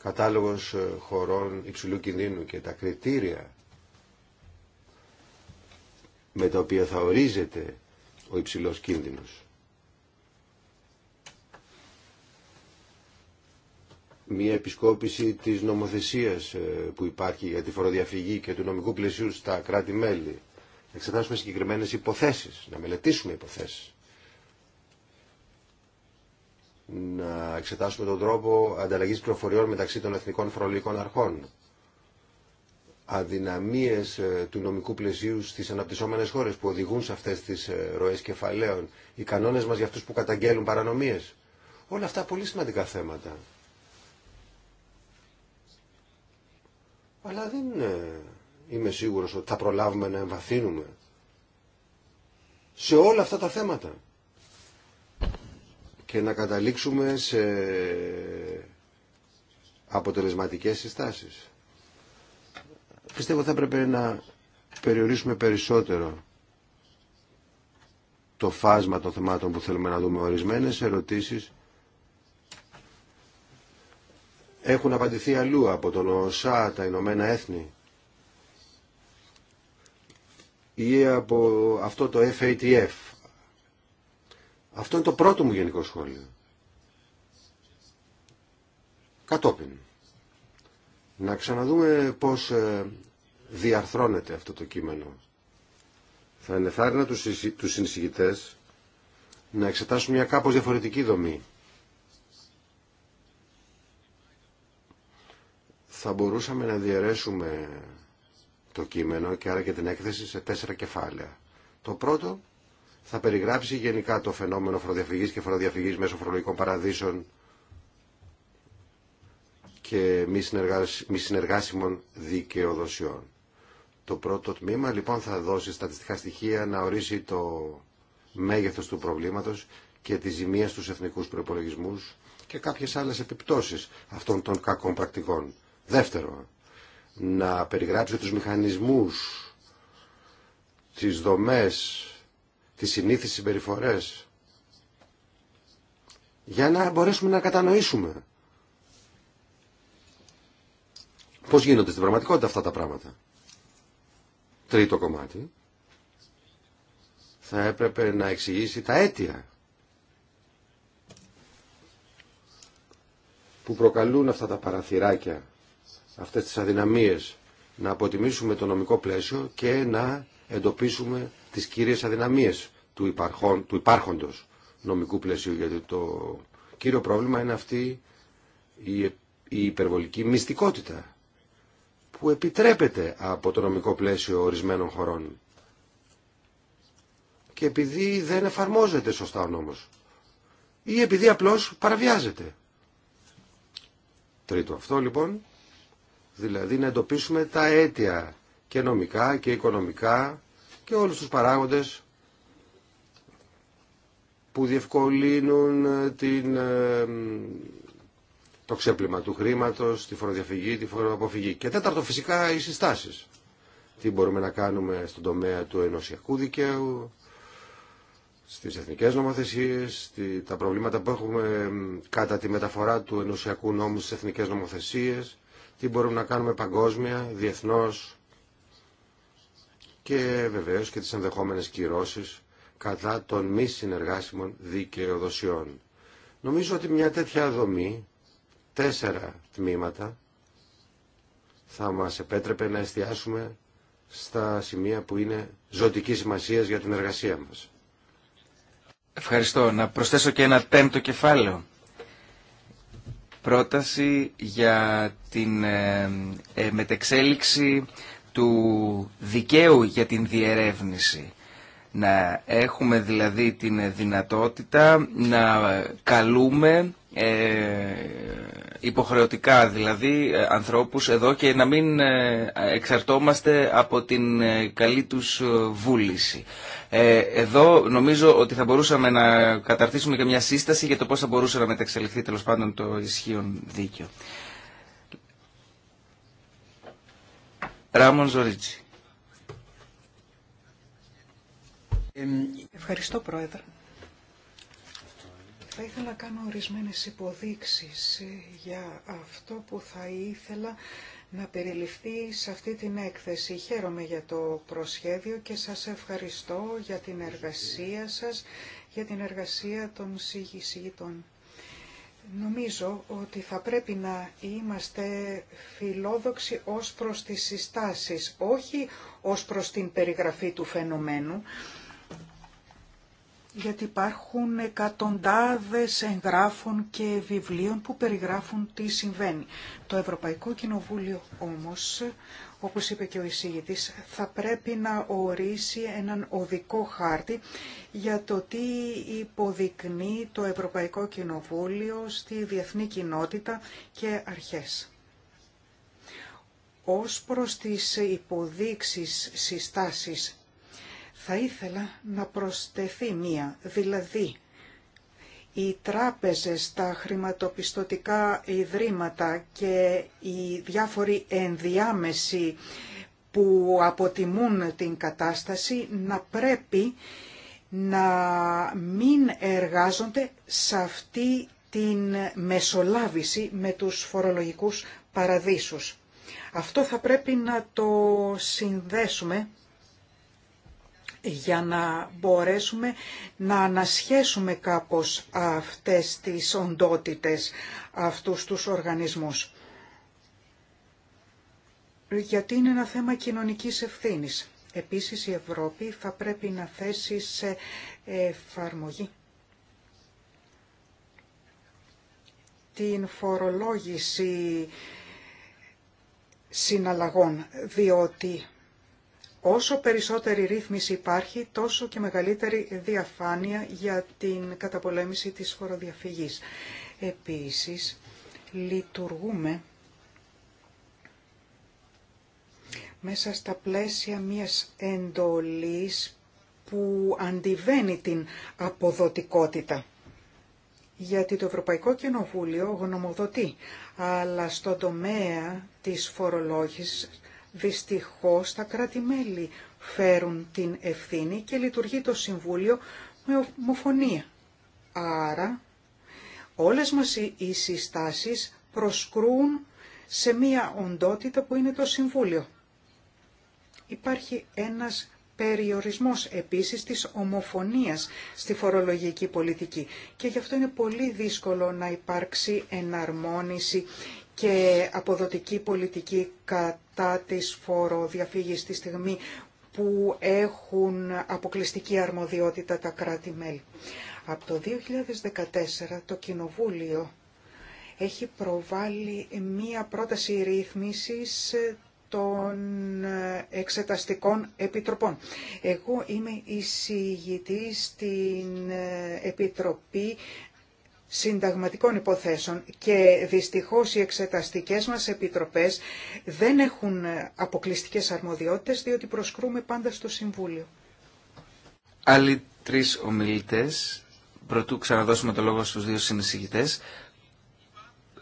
κατάλογος ε, χωρών υψηλού κινδύνου και τα κριτήρια με τα οποία θα ορίζεται ο υψηλός κίνδυνος. Μία επισκόπηση της νομοθεσίας ε, που υπάρχει για τη φοροδιαφυγή και του νομικού πλαισίου στα κράτη-μέλη. εξετάσουμε συγκεκριμένες υποθέσεις, να μελετήσουμε υποθέσεις να εξετάσουμε τον τρόπο ανταλλαγής πληροφοριών μεταξύ των εθνικών φορολογικών αρχών. Αδυναμίες ε, του νομικού πλαισίου στις αναπτυσσόμενες χώρες που οδηγούν σε αυτές τις ε, ροές κεφαλαίων. Οι κανόνες μας για αυτούς που καταγγέλουν παρανομίες. Όλα αυτά πολύ σημαντικά θέματα. Αλλά δεν ε, είμαι σίγουρος ότι θα προλάβουμε να εμβαθύνουμε σε όλα αυτά τα θέματα και να καταλήξουμε σε αποτελεσματικές συστάσεις. Πιστεύω θα έπρεπε να περιορίσουμε περισσότερο το φάσμα των θεμάτων που θέλουμε να δούμε. Ορισμένες ερωτήσεις έχουν απαντηθεί αλλού από τον ΟΣΑ, τα Ηνωμένα Έθνη ή από αυτό το FATF αυτό είναι το πρώτο μου γενικό σχόλιο. Κατόπιν. Να ξαναδούμε πώς ε, διαρθρώνεται αυτό το κείμενο. Θα ενεθάρρυνα τους συνεισηγητές να εξετάσουν μια κάπως διαφορετική δομή. Θα μπορούσαμε να διαιρέσουμε το κείμενο και άρα και την έκθεση σε τέσσερα κεφάλαια. Το πρώτο θα περιγράψει γενικά το φαινόμενο φοροδιαφυγής και φοροδιαφυγής μέσω φορολογικών παραδείσων και μη συνεργάσιμων δικαιοδοσιών. Το πρώτο τμήμα λοιπόν θα δώσει στατιστικά στοιχεία να ορίσει το μέγεθος του προβλήματος και τη ζημία στους εθνικούς προϋπολογισμούς και κάποιες άλλες επιπτώσεις αυτών των κακών πρακτικών. Δεύτερο, να περιγράψει τους μηχανισμούς, τις δομές τις συνήθεις συμπεριφορές για να μπορέσουμε να κατανοήσουμε πώς γίνονται στην πραγματικότητα αυτά τα πράγματα. Τρίτο κομμάτι θα έπρεπε να εξηγήσει τα αίτια που προκαλούν αυτά τα παραθυράκια, αυτές τις αδυναμίες, να αποτιμήσουμε το νομικό πλαίσιο και να εντοπίσουμε τις κύριες αδυναμίες του, υπαρχον, του υπάρχοντος νομικού πλαισίου, γιατί το κύριο πρόβλημα είναι αυτή η υπερβολική μυστικότητα που επιτρέπεται από το νομικό πλαίσιο ορισμένων χωρών και επειδή δεν εφαρμόζεται σωστά ο νόμος ή επειδή απλώς παραβιάζεται. Τρίτο αυτό λοιπόν, δηλαδή να εντοπίσουμε τα αίτια και νομικά και οικονομικά και όλους τους παράγοντες που διευκολύνουν ε, την, ε, το ξέπλυμα του χρήματος, τη φοροδιαφυγή, τη φοροαποφυγή. Και τέταρτο φυσικά οι συστάσεις. Τι μπορούμε να κάνουμε στον τομέα του ενωσιακού δικαίου, στις εθνικές νομοθεσίες, τα προβλήματα που έχουμε κατά τη μεταφορά του ενωσιακού νόμου στις εθνικές νομοθεσίες, τι μπορούμε να κάνουμε παγκόσμια, διεθνώς, και βεβαίως και τις ενδεχόμενες κυρώσεις κατά των μη συνεργάσιμων δικαιοδοσιών. Νομίζω ότι μια τέτοια δομή, τέσσερα τμήματα, θα μας επέτρεπε να εστιάσουμε στα σημεία που είναι ζωτική σημασίας για την εργασία μας. Ευχαριστώ. Να προσθέσω και ένα πέμπτο κεφάλαιο. Πρόταση για την ε, ε, μετεξέλιξη του δικαίου για την διερεύνηση. Να έχουμε δηλαδή την δυνατότητα να καλούμε ε, υποχρεωτικά δηλαδή ε, ανθρώπους εδώ και να μην ε, εξαρτώμαστε από την ε, καλή τους βούληση. Ε, εδώ νομίζω ότι θα μπορούσαμε να καταρτήσουμε και μια σύσταση για το πώς θα μπορούσε να μεταξελιχθεί τέλος πάντων το ισχύον δίκαιο. Ράμον Ευχαριστώ Πρόεδρε. Θα ήθελα να κάνω ορισμένες υποδείξεις ε, για αυτό που θα ήθελα να περιληφθεί σε αυτή την έκθεση. Χαίρομαι για το προσχέδιο και σας ευχαριστώ για την εργασία σας, για την εργασία των συγητών. Νομίζω ότι θα πρέπει να είμαστε φιλόδοξοι ως προς τις συστάσεις, όχι ως προς την περιγραφή του φαινομένου, γιατί υπάρχουν εκατοντάδες εγγράφων και βιβλίων που περιγράφουν τι συμβαίνει. Το Ευρωπαϊκό Κοινοβούλιο όμως όπως είπε και ο εισηγητής, θα πρέπει να ορίσει έναν οδικό χάρτη για το τι υποδεικνύει το Ευρωπαϊκό Κοινοβούλιο στη διεθνή κοινότητα και αρχές. Ως προς τις υποδείξεις συστάσεις, θα ήθελα να προσθεθεί μία, δηλαδή οι τράπεζες, τα χρηματοπιστωτικά ιδρύματα και οι διάφοροι ενδιάμεσοι που αποτιμούν την κατάσταση να πρέπει να μην εργάζονται σε αυτή την μεσολάβηση με τους φορολογικούς παραδείσους. Αυτό θα πρέπει να το συνδέσουμε για να μπορέσουμε να ανασχέσουμε κάπως αυτές τις οντότητες, αυτούς τους οργανισμούς. Γιατί είναι ένα θέμα κοινωνικής ευθύνης. Επίσης η Ευρώπη θα πρέπει να θέσει σε εφαρμογή την φορολόγηση συναλλαγών, διότι Όσο περισσότερη ρύθμιση υπάρχει, τόσο και μεγαλύτερη διαφάνεια για την καταπολέμηση της φοροδιαφυγής. Επίσης, λειτουργούμε μέσα στα πλαίσια μιας εντολής που αντιβαίνει την αποδοτικότητα. Γιατί το Ευρωπαϊκό Κοινοβούλιο γνωμοδοτεί, αλλά στον τομέα της φορολόγησης Δυστυχώς τα κρατη φέρουν την ευθύνη και λειτουργεί το Συμβούλιο με ομοφωνία. Άρα όλες μας οι συστάσεις προσκρούν σε μία οντότητα που είναι το Συμβούλιο. Υπάρχει ένας περιορισμός επίσης της ομοφωνίας στη φορολογική πολιτική και γι' αυτό είναι πολύ δύσκολο να υπάρξει εναρμόνιση και αποδοτική πολιτική κατά της φοροδιαφύγης τη στιγμή που έχουν αποκλειστική αρμοδιότητα τα κράτη-μέλη. Από το 2014 το Κοινοβούλιο έχει προβάλει μία πρόταση ρύθμισης των εξεταστικών επιτροπών. Εγώ είμαι εισηγητής στην Επιτροπή συνταγματικών υποθέσεων και δυστυχώς οι εξεταστικές μας επιτροπές δεν έχουν αποκλειστικές αρμοδιότητες διότι προσκρούμε πάντα στο Συμβούλιο. Άλλοι τρεις ομιλητές, πρωτού ξαναδώσουμε το λόγο στους δύο συνεισηγητές,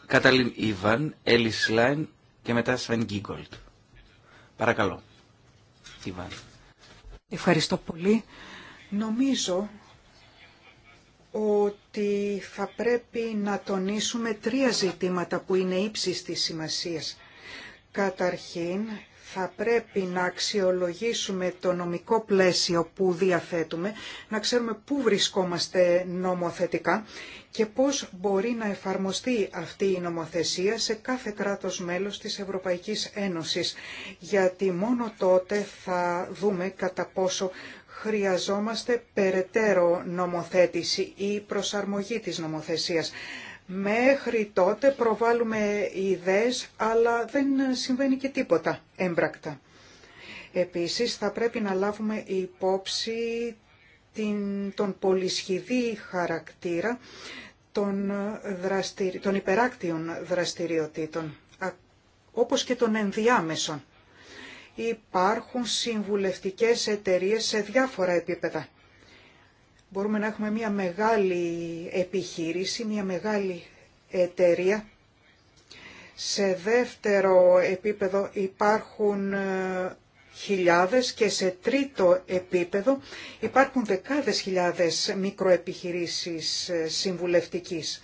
Καταλήν Ιβαν, Έλλη Σλάιν και μετά Σαν Γκίγκολτ. Παρακαλώ. Ιβαν. Ευχαριστώ πολύ. Νομίζω ότι ότι θα πρέπει να τονίσουμε τρία ζητήματα που είναι ύψης της σημασίας. Καταρχήν, θα πρέπει να αξιολογήσουμε το νομικό πλαίσιο που διαθέτουμε, να ξέρουμε πού βρισκόμαστε νομοθετικά και πώς μπορεί να εφαρμοστεί αυτή η νομοθεσία σε κάθε κράτος μέλος της Ευρωπαϊκής Ένωσης. Γιατί μόνο τότε θα δούμε κατά πόσο χρειαζόμαστε περαιτέρω νομοθέτηση ή προσαρμογή της νομοθεσίας. Μέχρι τότε προβάλλουμε ιδέες, αλλά δεν συμβαίνει και τίποτα έμπρακτα. Επίσης, θα πρέπει να λάβουμε υπόψη την, τον πολυσχηδή χαρακτήρα των, δραστηρι... των υπεράκτιων δραστηριοτήτων, όπως και των ενδιάμεσων υπάρχουν συμβουλευτικές εταιρείες σε διάφορα επίπεδα. Μπορούμε να έχουμε μια μεγάλη επιχείρηση, μια μεγάλη εταιρεία. Σε δεύτερο επίπεδο υπάρχουν ε, χιλιάδες και σε τρίτο επίπεδο υπάρχουν δεκάδες χιλιάδες μικροεπιχειρήσεις ε, συμβουλευτικής.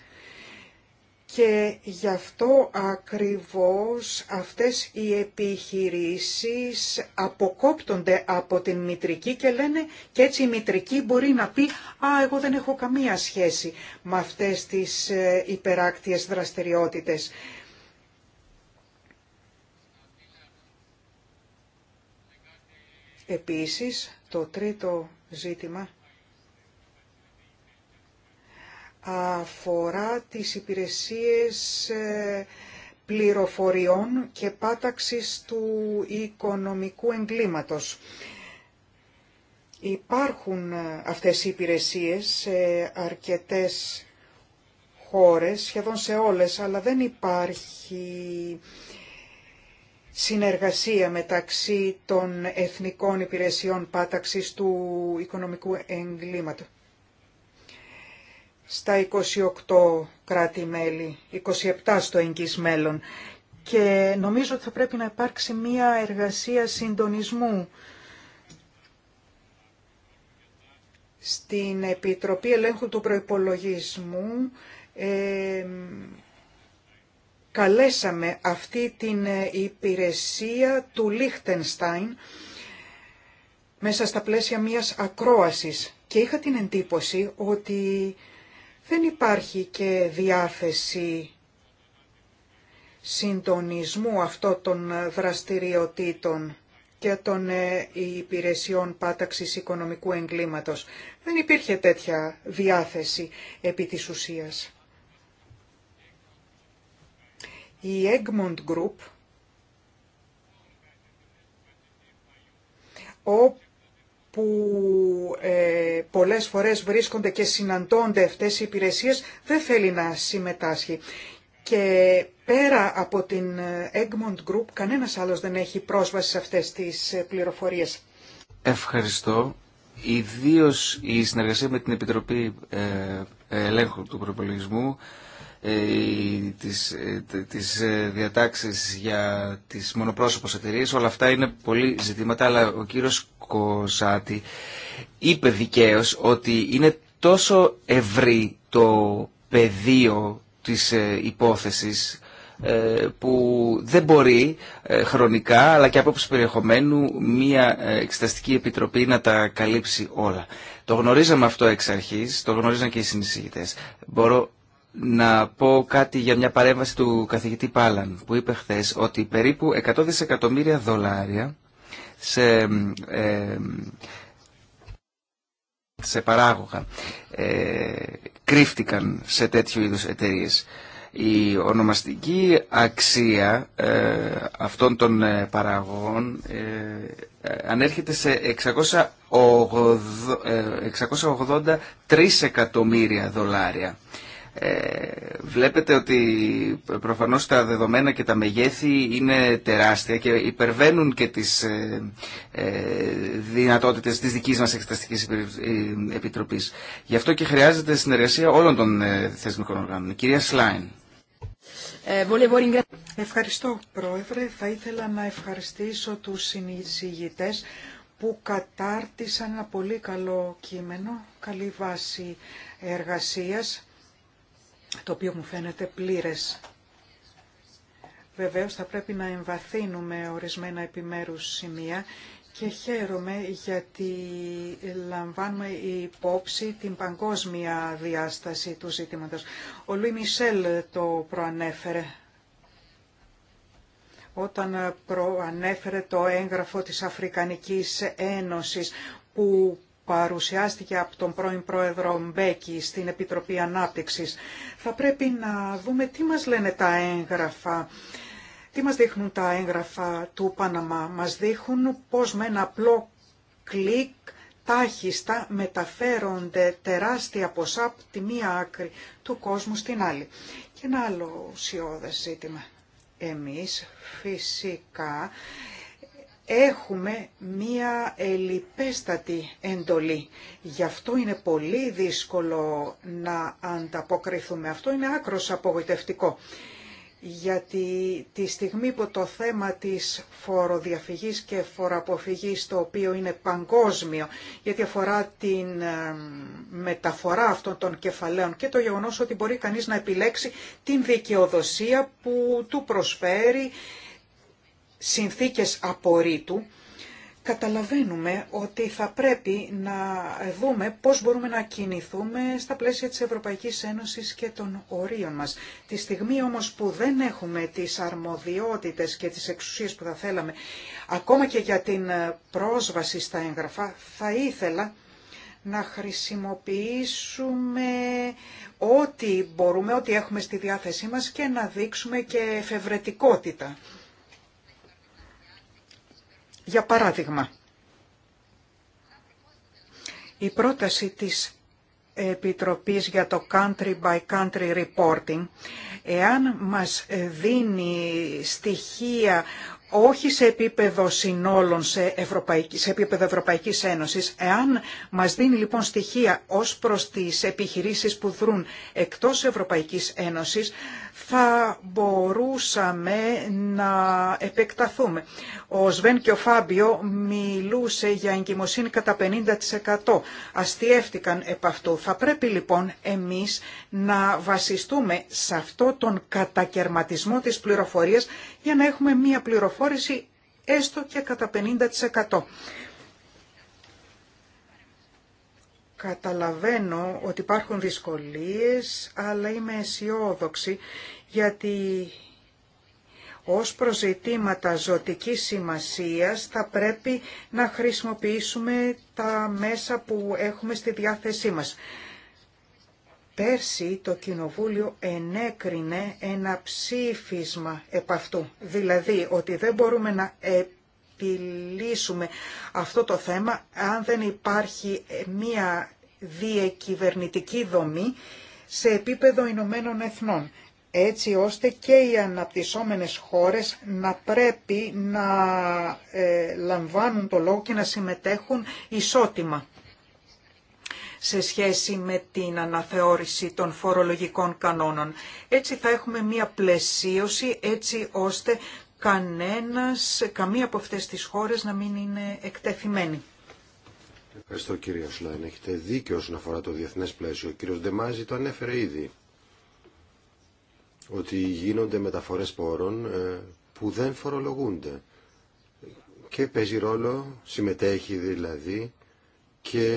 Και γι' αυτό ακριβώς αυτές οι επιχειρήσεις αποκόπτονται από την μητρική και λένε και έτσι η μητρική μπορεί να πει «Α, εγώ δεν έχω καμία σχέση με αυτές τις ε, υπεράκτιες δραστηριότητες». Επίσης, το τρίτο ζήτημα αφορά τις υπηρεσίες ε, πληροφοριών και πάταξης του οικονομικού εγκλήματος. Υπάρχουν ε, αυτές οι υπηρεσίες σε αρκετές χώρες, σχεδόν σε όλες, αλλά δεν υπάρχει συνεργασία μεταξύ των εθνικών υπηρεσιών πάταξης του οικονομικού εγκλήματος στα 28 κράτη-μέλη, 27 στο εγγύς μέλλον. Και νομίζω ότι θα πρέπει να υπάρξει μία εργασία συντονισμού στην Επιτροπή Ελέγχου του Προϋπολογισμού. Ε, καλέσαμε αυτή την ε, υπηρεσία του Λίχτενστάιν μέσα στα πλαίσια μιας ακρόασης και είχα την εντύπωση ότι δεν υπάρχει και διάθεση συντονισμού αυτών των δραστηριοτήτων και των ε, υπηρεσιών πάταξης οικονομικού εγκλήματος. Δεν υπήρχε τέτοια διάθεση επί της ουσίας. Η Egmont Group, που ε, πολλές φορές βρίσκονται και συναντώνται αυτές οι υπηρεσίες δεν θέλει να συμμετάσχει. Και πέρα από την Egmont Group κανένας άλλος δεν έχει πρόσβαση σε αυτές τις πληροφορίες. Ευχαριστώ. Ιδίω η συνεργασία με την Επιτροπή ε, Ελέγχου του Προπολογισμού ε, τις, ε, τις ε, διατάξεις για τις μονοπρόσωπες εταιρείε, όλα αυτά είναι πολύ ζητήματα, αλλά ο κύριος Κοσάτη είπε δικαίω ότι είναι τόσο ευρύ το πεδίο της υπόθεσης που δεν μπορεί χρονικά αλλά και απόψη περιεχομένου μια εξεταστική επιτροπή να τα καλύψει όλα. Το γνωρίζαμε αυτό εξ αρχής, το γνωρίζαν και οι συνεισηγητές. Μπορώ να πω κάτι για μια παρέμβαση του καθηγητή Πάλαν που είπε χθε ότι περίπου 100 δισεκατομμύρια δολάρια σε, ε, σε παράγωγα ε, κρύφτηκαν σε τέτοιου είδους εταιρείε. Η ονομαστική αξία ε, αυτών των ε, παραγωγών ε, ανέρχεται σε 683 εκατομμύρια δολάρια. Ε, βλέπετε ότι προφανώς τα δεδομένα και τα μεγέθη είναι τεράστια και υπερβαίνουν και τις ε, ε, δυνατότητες της δικής μας Εξεταστικής Επιτροπής. Γι' αυτό και χρειάζεται συνεργασία όλων των θεσμικών οργάνων. Κυρία Σλάιν. Ευχαριστώ Πρόεδρε. Θα ήθελα να ευχαριστήσω τους συνεισηγητές που κατάρτισαν ένα πολύ καλό κείμενο, καλή βάση εργασίας το οποίο μου φαίνεται πλήρες. Βεβαίως θα πρέπει να εμβαθύνουμε ορισμένα επιμέρους σημεία και χαίρομαι γιατί λαμβάνουμε υπόψη την παγκόσμια διάσταση του ζήτηματος. Ο Λουί Μισελ το προανέφερε όταν προανέφερε το έγγραφο της Αφρικανικής Ένωσης που παρουσιάστηκε από τον πρώην πρόεδρο Μπέκη στην Επιτροπή Ανάπτυξης. Θα πρέπει να δούμε τι μας λένε τα έγγραφα. Τι μας δείχνουν τα έγγραφα του Παναμά. Μας δείχνουν πώς με ένα απλό κλικ τάχιστα μεταφέρονται τεράστια ποσά από τη μία άκρη του κόσμου στην άλλη. Και ένα άλλο ουσιώδες ζήτημα. Εμείς φυσικά έχουμε μία ελιπέστατη εντολή. Γι' αυτό είναι πολύ δύσκολο να ανταποκριθούμε. Αυτό είναι άκρος απογοητευτικό. Γιατί τη στιγμή που το θέμα της φοροδιαφυγής και φοροαποφυγής, το οποίο είναι παγκόσμιο, γιατί αφορά την ε, μεταφορά αυτών των κεφαλαίων και το γεγονός ότι μπορεί κανείς να επιλέξει την δικαιοδοσία που του προσφέρει συνθήκες απορρίτου, καταλαβαίνουμε ότι θα πρέπει να δούμε πώς μπορούμε να κινηθούμε στα πλαίσια της Ευρωπαϊκής Ένωσης και των ορίων μας. Τη στιγμή όμως που δεν έχουμε τις αρμοδιότητες και τις εξουσίες που θα θέλαμε, ακόμα και για την πρόσβαση στα έγγραφα, θα ήθελα να χρησιμοποιήσουμε ό,τι μπορούμε, ό,τι έχουμε στη διάθεσή μας και να δείξουμε και εφευρετικότητα για παράδειγμα, η πρόταση της Επιτροπής για το Country by Country Reporting, εάν μας δίνει στοιχεία όχι σε επίπεδο συνόλων σε, ευρωπαϊκή, σε επίπεδο Ευρωπαϊκής Ένωσης, εάν μας δίνει λοιπόν στοιχεία ως προς τις επιχειρήσεις που δρούν εκτός Ευρωπαϊκής Ένωσης, θα μπορούσαμε να επεκταθούμε. Ο Σβέν και ο Φάμπιο μιλούσε για εγκυμοσύνη κατά 50%. Αστιεύτηκαν επ' αυτού. Θα πρέπει λοιπόν εμείς να βασιστούμε σε αυτό τον κατακαιρματισμό της πληροφορίας για να έχουμε μία πληροφόρηση έστω και κατά 50%. Καταλαβαίνω ότι υπάρχουν δυσκολίες, αλλά είμαι αισιόδοξη γιατί ως προζητήματα ζωτικής σημασίας θα πρέπει να χρησιμοποιήσουμε τα μέσα που έχουμε στη διάθεσή μας. Πέρσι το Κοινοβούλιο ενέκρινε ένα ψήφισμα επ' αυτού, δηλαδή ότι δεν μπορούμε να επιλύσουμε αυτό το θέμα αν δεν υπάρχει μία διεκυβερνητική δομή σε επίπεδο Ηνωμένων Εθνών έτσι ώστε και οι αναπτυσσόμενες χώρες να πρέπει να ε, λαμβάνουν το λόγο και να συμμετέχουν ισότιμα σε σχέση με την αναθεώρηση των φορολογικών κανόνων. Έτσι θα έχουμε μία πλαισίωση έτσι ώστε κανένας, καμία από αυτές τις χώρες να μην είναι εκτεθειμένη. Ευχαριστώ κύριε Σλάιν. Έχετε δίκιο όσον αφορά το διεθνές πλαίσιο. Ο κύριος Ντεμάζη το ανέφερε ήδη ότι γίνονται μεταφορές πόρων ε, που δεν φορολογούνται και παίζει ρόλο, συμμετέχει δηλαδή και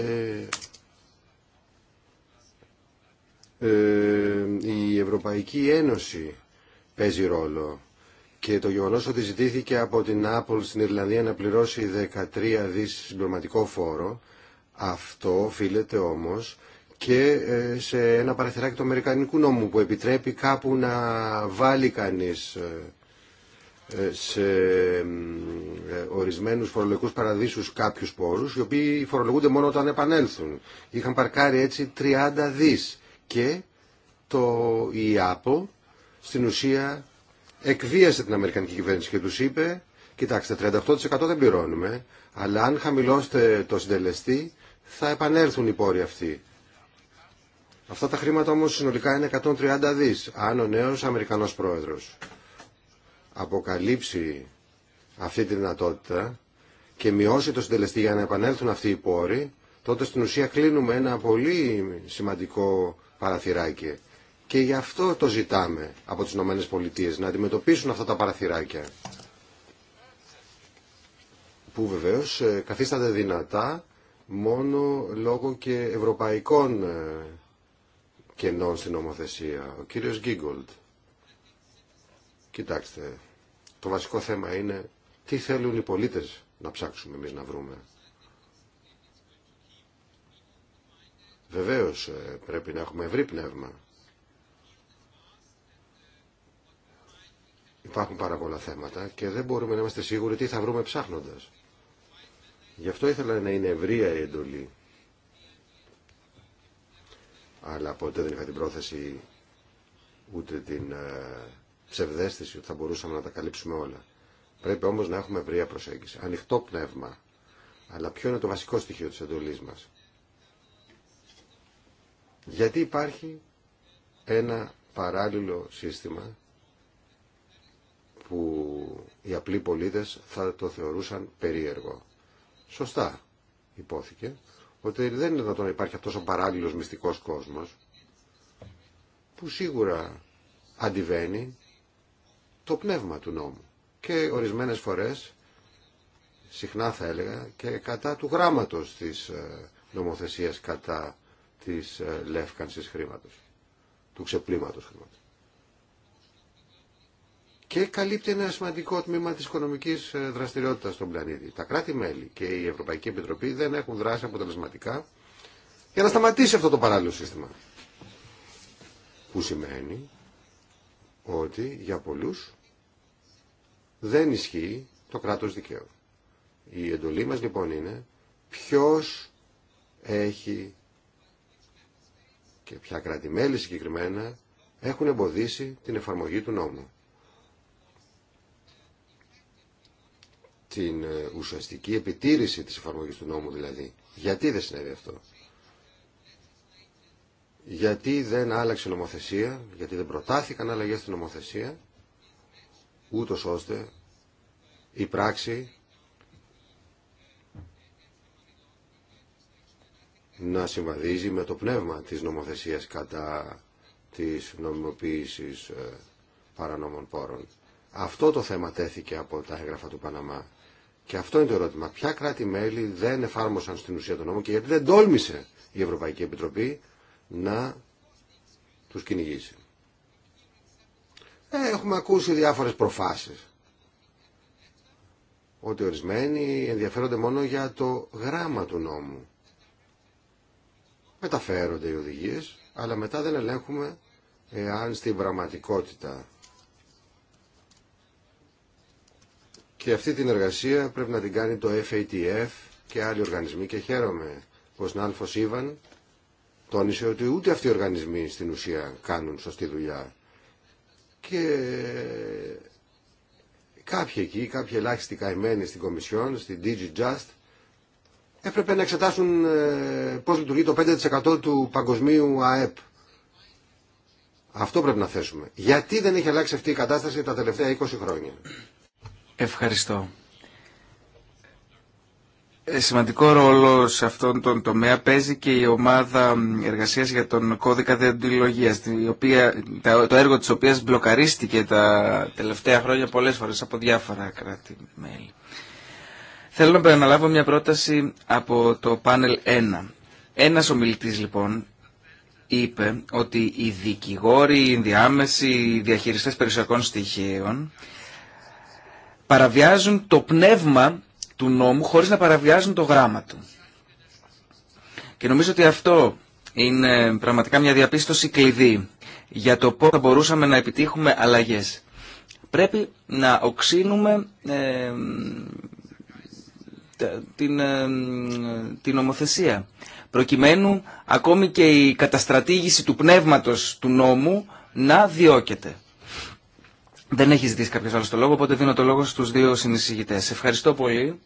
ε, η Ευρωπαϊκή Ένωση παίζει ρόλο και το γεγονό ότι ζητήθηκε από την Apple στην Ιρλανδία να πληρώσει 13 δι συμπληρωματικό φόρο, αυτό οφείλεται όμως και ε, σε ένα παραθυράκι του Αμερικανικού νόμου που επιτρέπει κάπου να βάλει κανεί ε, ε, σε ορισμένους φορολογικούς παραδείσους κάποιους πόρους οι οποίοι φορολογούνται μόνο όταν επανέλθουν. Είχαν παρκάρει έτσι 30 δις και το η Apple στην ουσία εκβίασε την Αμερικανική κυβέρνηση και τους είπε «Κοιτάξτε, 38% δεν πληρώνουμε, αλλά αν χαμηλώσετε το συντελεστή θα επανέλθουν οι πόροι αυτοί». Αυτά τα χρήματα όμως συνολικά είναι 130 δις, αν ο νέος Αμερικανός πρόεδρος αποκαλύψει αυτή τη δυνατότητα και μειώσει το συντελεστή για να επανέλθουν αυτοί οι πόροι, τότε στην ουσία κλείνουμε ένα πολύ σημαντικό παραθυράκι. Και γι' αυτό το ζητάμε από τις Ηνωμένες Πολιτείες, να αντιμετωπίσουν αυτά τα παραθυράκια που βεβαίως ε, καθίστανται δυνατά μόνο λόγω και ευρωπαϊκών ε, κενών στην νομοθεσία. Ο κύριος Γκίγκολτ. Κοιτάξτε, το βασικό θέμα είναι τι θέλουν οι πολίτες να ψάξουμε εμείς να βρούμε. Βεβαίως ε, πρέπει να έχουμε ευρύ πνεύμα Υπάρχουν πάρα πολλά θέματα και δεν μπορούμε να είμαστε σίγουροι τι θα βρούμε ψάχνοντας. Γι' αυτό ήθελα να είναι ευρεία η εντολή. Αλλά ποτέ δεν είχα την πρόθεση ούτε την ε, ψευδέστηση ότι θα μπορούσαμε να τα καλύψουμε όλα. Πρέπει όμως να έχουμε ευρεία προσέγγιση. Ανοιχτό πνεύμα. Αλλά ποιο είναι το βασικό στοιχείο της εντολής μας. Γιατί υπάρχει ένα παράλληλο σύστημα που οι απλοί πολίτες θα το θεωρούσαν περίεργο. Σωστά υπόθηκε ότι δεν είναι δυνατόν να υπάρχει αυτός ο παράλληλος μυστικός κόσμος που σίγουρα αντιβαίνει το πνεύμα του νόμου και ορισμένες φορές συχνά θα έλεγα και κατά του γράμματος της ε, νομοθεσίας κατά της ε, λεύκανσης χρήματος του ξεπλήματος χρήματος και καλύπτει ένα σημαντικό τμήμα της οικονομικής ε, δραστηριότητας στον πλανήτη. Τα κράτη-μέλη και η Ευρωπαϊκή Επιτροπή δεν έχουν δράσει αποτελεσματικά για να σταματήσει αυτό το παράλληλο σύστημα. Που σημαίνει ότι για πολλούς δεν ισχύει το κράτος δικαίου. Η εντολή μας λοιπόν είναι ποιος έχει και ποια κράτη-μέλη συγκεκριμένα έχουν εμποδίσει την εφαρμογή του νόμου. την ε, ουσιαστική επιτήρηση της εφαρμογής του νόμου δηλαδή. Γιατί δεν συνέβη αυτό. Γιατί δεν άλλαξε η νομοθεσία, γιατί δεν προτάθηκαν αλλαγές στην νομοθεσία, ούτω ώστε η πράξη να συμβαδίζει με το πνεύμα της νομοθεσίας κατά της νομιμοποίησης ε, παρανόμων πόρων. Αυτό το θέμα τέθηκε από τα έγγραφα του Παναμά. Και αυτό είναι το ερώτημα. Ποια κράτη-μέλη δεν εφάρμοσαν στην ουσία τον νόμο και γιατί δεν τόλμησε η Ευρωπαϊκή Επιτροπή να τους κυνηγήσει. Ε, έχουμε ακούσει διάφορες προφάσεις. Ότι ορισμένοι ενδιαφέρονται μόνο για το γράμμα του νόμου. Μεταφέρονται οι οδηγίες, αλλά μετά δεν ελέγχουμε εάν στην πραγματικότητα Και αυτή την εργασία πρέπει να την κάνει το FATF και άλλοι οργανισμοί και χαίρομαι πως Νάλφο Ήβαν τόνισε ότι ούτε αυτοί οι οργανισμοί στην ουσία κάνουν σωστή δουλειά. Και κάποιοι εκεί, κάποιοι ελάχιστοι καημένοι στην Κομισιόν, στην DigiJust, έπρεπε να εξετάσουν ε, πώς λειτουργεί το 5% του παγκοσμίου ΑΕΠ. Αυτό πρέπει να θέσουμε. Γιατί δεν έχει αλλάξει αυτή η κατάσταση τα τελευταία 20 χρόνια. Ευχαριστώ. Ε, σημαντικό ρόλο σε αυτόν τον τομέα παίζει και η ομάδα εργασίας για τον κώδικα διοντολογίας, το έργο της οποίας μπλοκαρίστηκε τα τελευταία χρόνια πολλές φορές από διάφορα κράτη-μέλη. Θέλω να αναλάβω μια πρόταση από το πάνελ 1. Ένας ομιλητής λοιπόν είπε ότι οι δικηγόροι, οι διάμεσοι, οι διαχειριστές περιουσιακών στοιχείων παραβιάζουν το πνεύμα του νόμου χωρίς να παραβιάζουν το γράμμα του. Και νομίζω ότι αυτό είναι πραγματικά μια διαπίστωση κλειδί για το πώς θα μπορούσαμε να επιτύχουμε αλλαγές. Πρέπει να οξύνουμε την, ε, ομοθεσία, προκειμένου ακόμη και η καταστρατήγηση του πνεύματος του νόμου να διώκεται. Δεν έχει ζητήσει κάποιο άλλο το λόγο, οπότε δίνω το λόγο στου δύο συνεισηγητέ. Ευχαριστώ πολύ.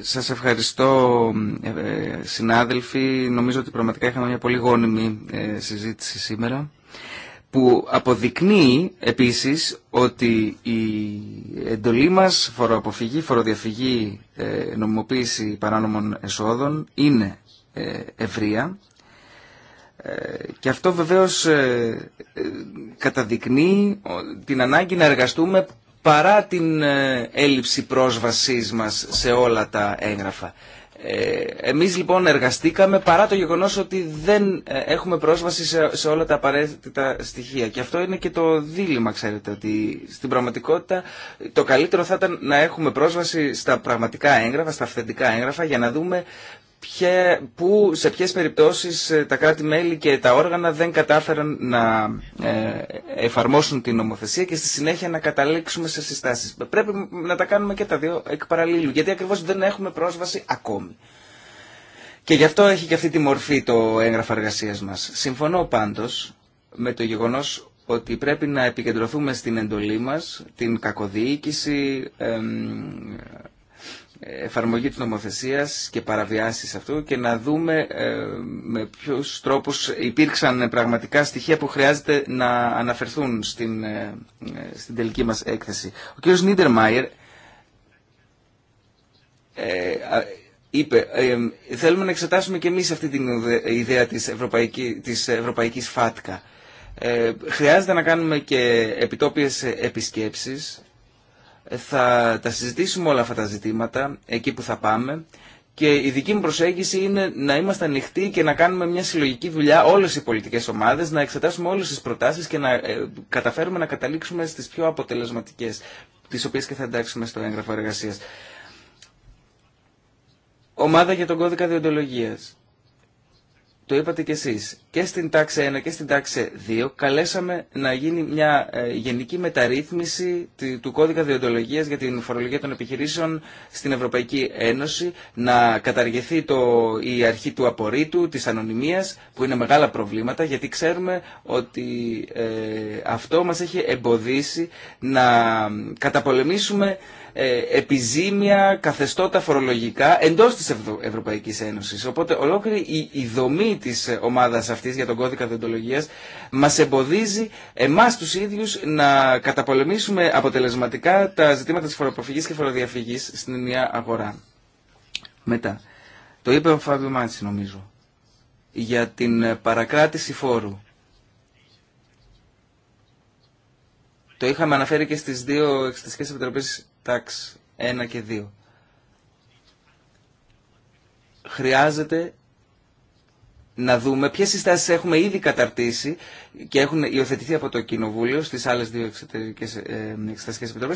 Σας ευχαριστώ ε, ε, συνάδελφοι. Νομίζω ότι πραγματικά είχαμε μια πολύ γόνιμη ε, συζήτηση σήμερα που αποδεικνύει επίσης ότι η εντολή μας φοροαποφυγή, φοροδιαφυγή, νομιμοποίηση παράνομων εσόδων είναι ευρεία ε, και αυτό βεβαίως ε, ε, καταδεικνύει την ανάγκη να εργαστούμε παρά την έλλειψη πρόσβασής μας σε όλα τα έγγραφα. Εμείς λοιπόν εργαστήκαμε παρά το γεγονός ότι δεν έχουμε πρόσβαση σε όλα τα απαραίτητα στοιχεία. Και αυτό είναι και το δίλημα, ξέρετε, ότι στην πραγματικότητα το καλύτερο θα ήταν να έχουμε πρόσβαση στα πραγματικά έγγραφα, στα αυθεντικά έγγραφα, για να δούμε που, σε ποιες περιπτώσεις ε, τα κράτη-μέλη και τα όργανα δεν κατάφεραν να ε, εφαρμόσουν την νομοθεσία και στη συνέχεια να καταλήξουμε σε συστάσεις. Πρέπει να τα κάνουμε και τα δύο εκ παραλλήλου, γιατί ακριβώς δεν έχουμε πρόσβαση ακόμη. Και γι' αυτό έχει και αυτή τη μορφή το έγγραφο εργασία μας. Συμφωνώ πάντως με το γεγονός ότι πρέπει να επικεντρωθούμε στην εντολή μας, την κακοδιοίκηση, εφαρμογή της νομοθεσίας και παραβιάσεις αυτού και να δούμε ε, με ποιους τρόπους υπήρξαν πραγματικά στοιχεία που χρειάζεται να αναφερθούν στην, ε, ε, στην τελική μας έκθεση. Ο κ. Νίτερμαϊερ είπε θέλουμε να εξετάσουμε και εμείς αυτή την ιδέα της, ευρωπαϊκή, της ευρωπαϊκής φάτκα. Ε, χρειάζεται να κάνουμε και επιτόπιες επισκέψεις θα τα συζητήσουμε όλα αυτά τα ζητήματα εκεί που θα πάμε και η δική μου προσέγγιση είναι να είμαστε ανοιχτοί και να κάνουμε μια συλλογική δουλειά όλες οι πολιτικές ομάδες, να εξετάσουμε όλες τις προτάσεις και να ε, καταφέρουμε να καταλήξουμε στις πιο αποτελεσματικές, τις οποίες και θα εντάξουμε στο έγγραφο εργασίας. Ομάδα για τον κώδικα διοντολογίας το είπατε κι εσείς, και στην τάξη 1 και στην τάξη 2 καλέσαμε να γίνει μια ε, γενική μεταρρύθμιση του κώδικα διοντολογίας για την φορολογία των επιχειρήσεων στην Ευρωπαϊκή Ένωση, να καταργηθεί το, η αρχή του απορρίτου, της ανωνυμίας, που είναι μεγάλα προβλήματα, γιατί ξέρουμε ότι ε, αυτό μας έχει εμποδίσει να καταπολεμήσουμε ε, επιζήμια καθεστώτα φορολογικά εντός της Ευρωπαϊκής Ένωσης. Οπότε ολόκληρη η, δομή της ε, ομάδας αυτής για τον κώδικα διοντολογίας μας εμποδίζει εμάς τους ίδιους να καταπολεμήσουμε αποτελεσματικά τα ζητήματα της φοροποφυγής και φοροδιαφυγής στην ενιαία αγορά. Μετά, το είπε ο Φάβιο Μάτση νομίζω, για την ε, παρακράτηση φόρου. Το είχαμε αναφέρει και στις δύο εξεταστικές επιτροπές τάξη 1 και 2. Χρειάζεται να δούμε ποιε συστάσεις έχουμε ήδη καταρτήσει και έχουν υιοθετηθεί από το Κοινοβούλιο στις άλλες δύο εξωτερικές ε,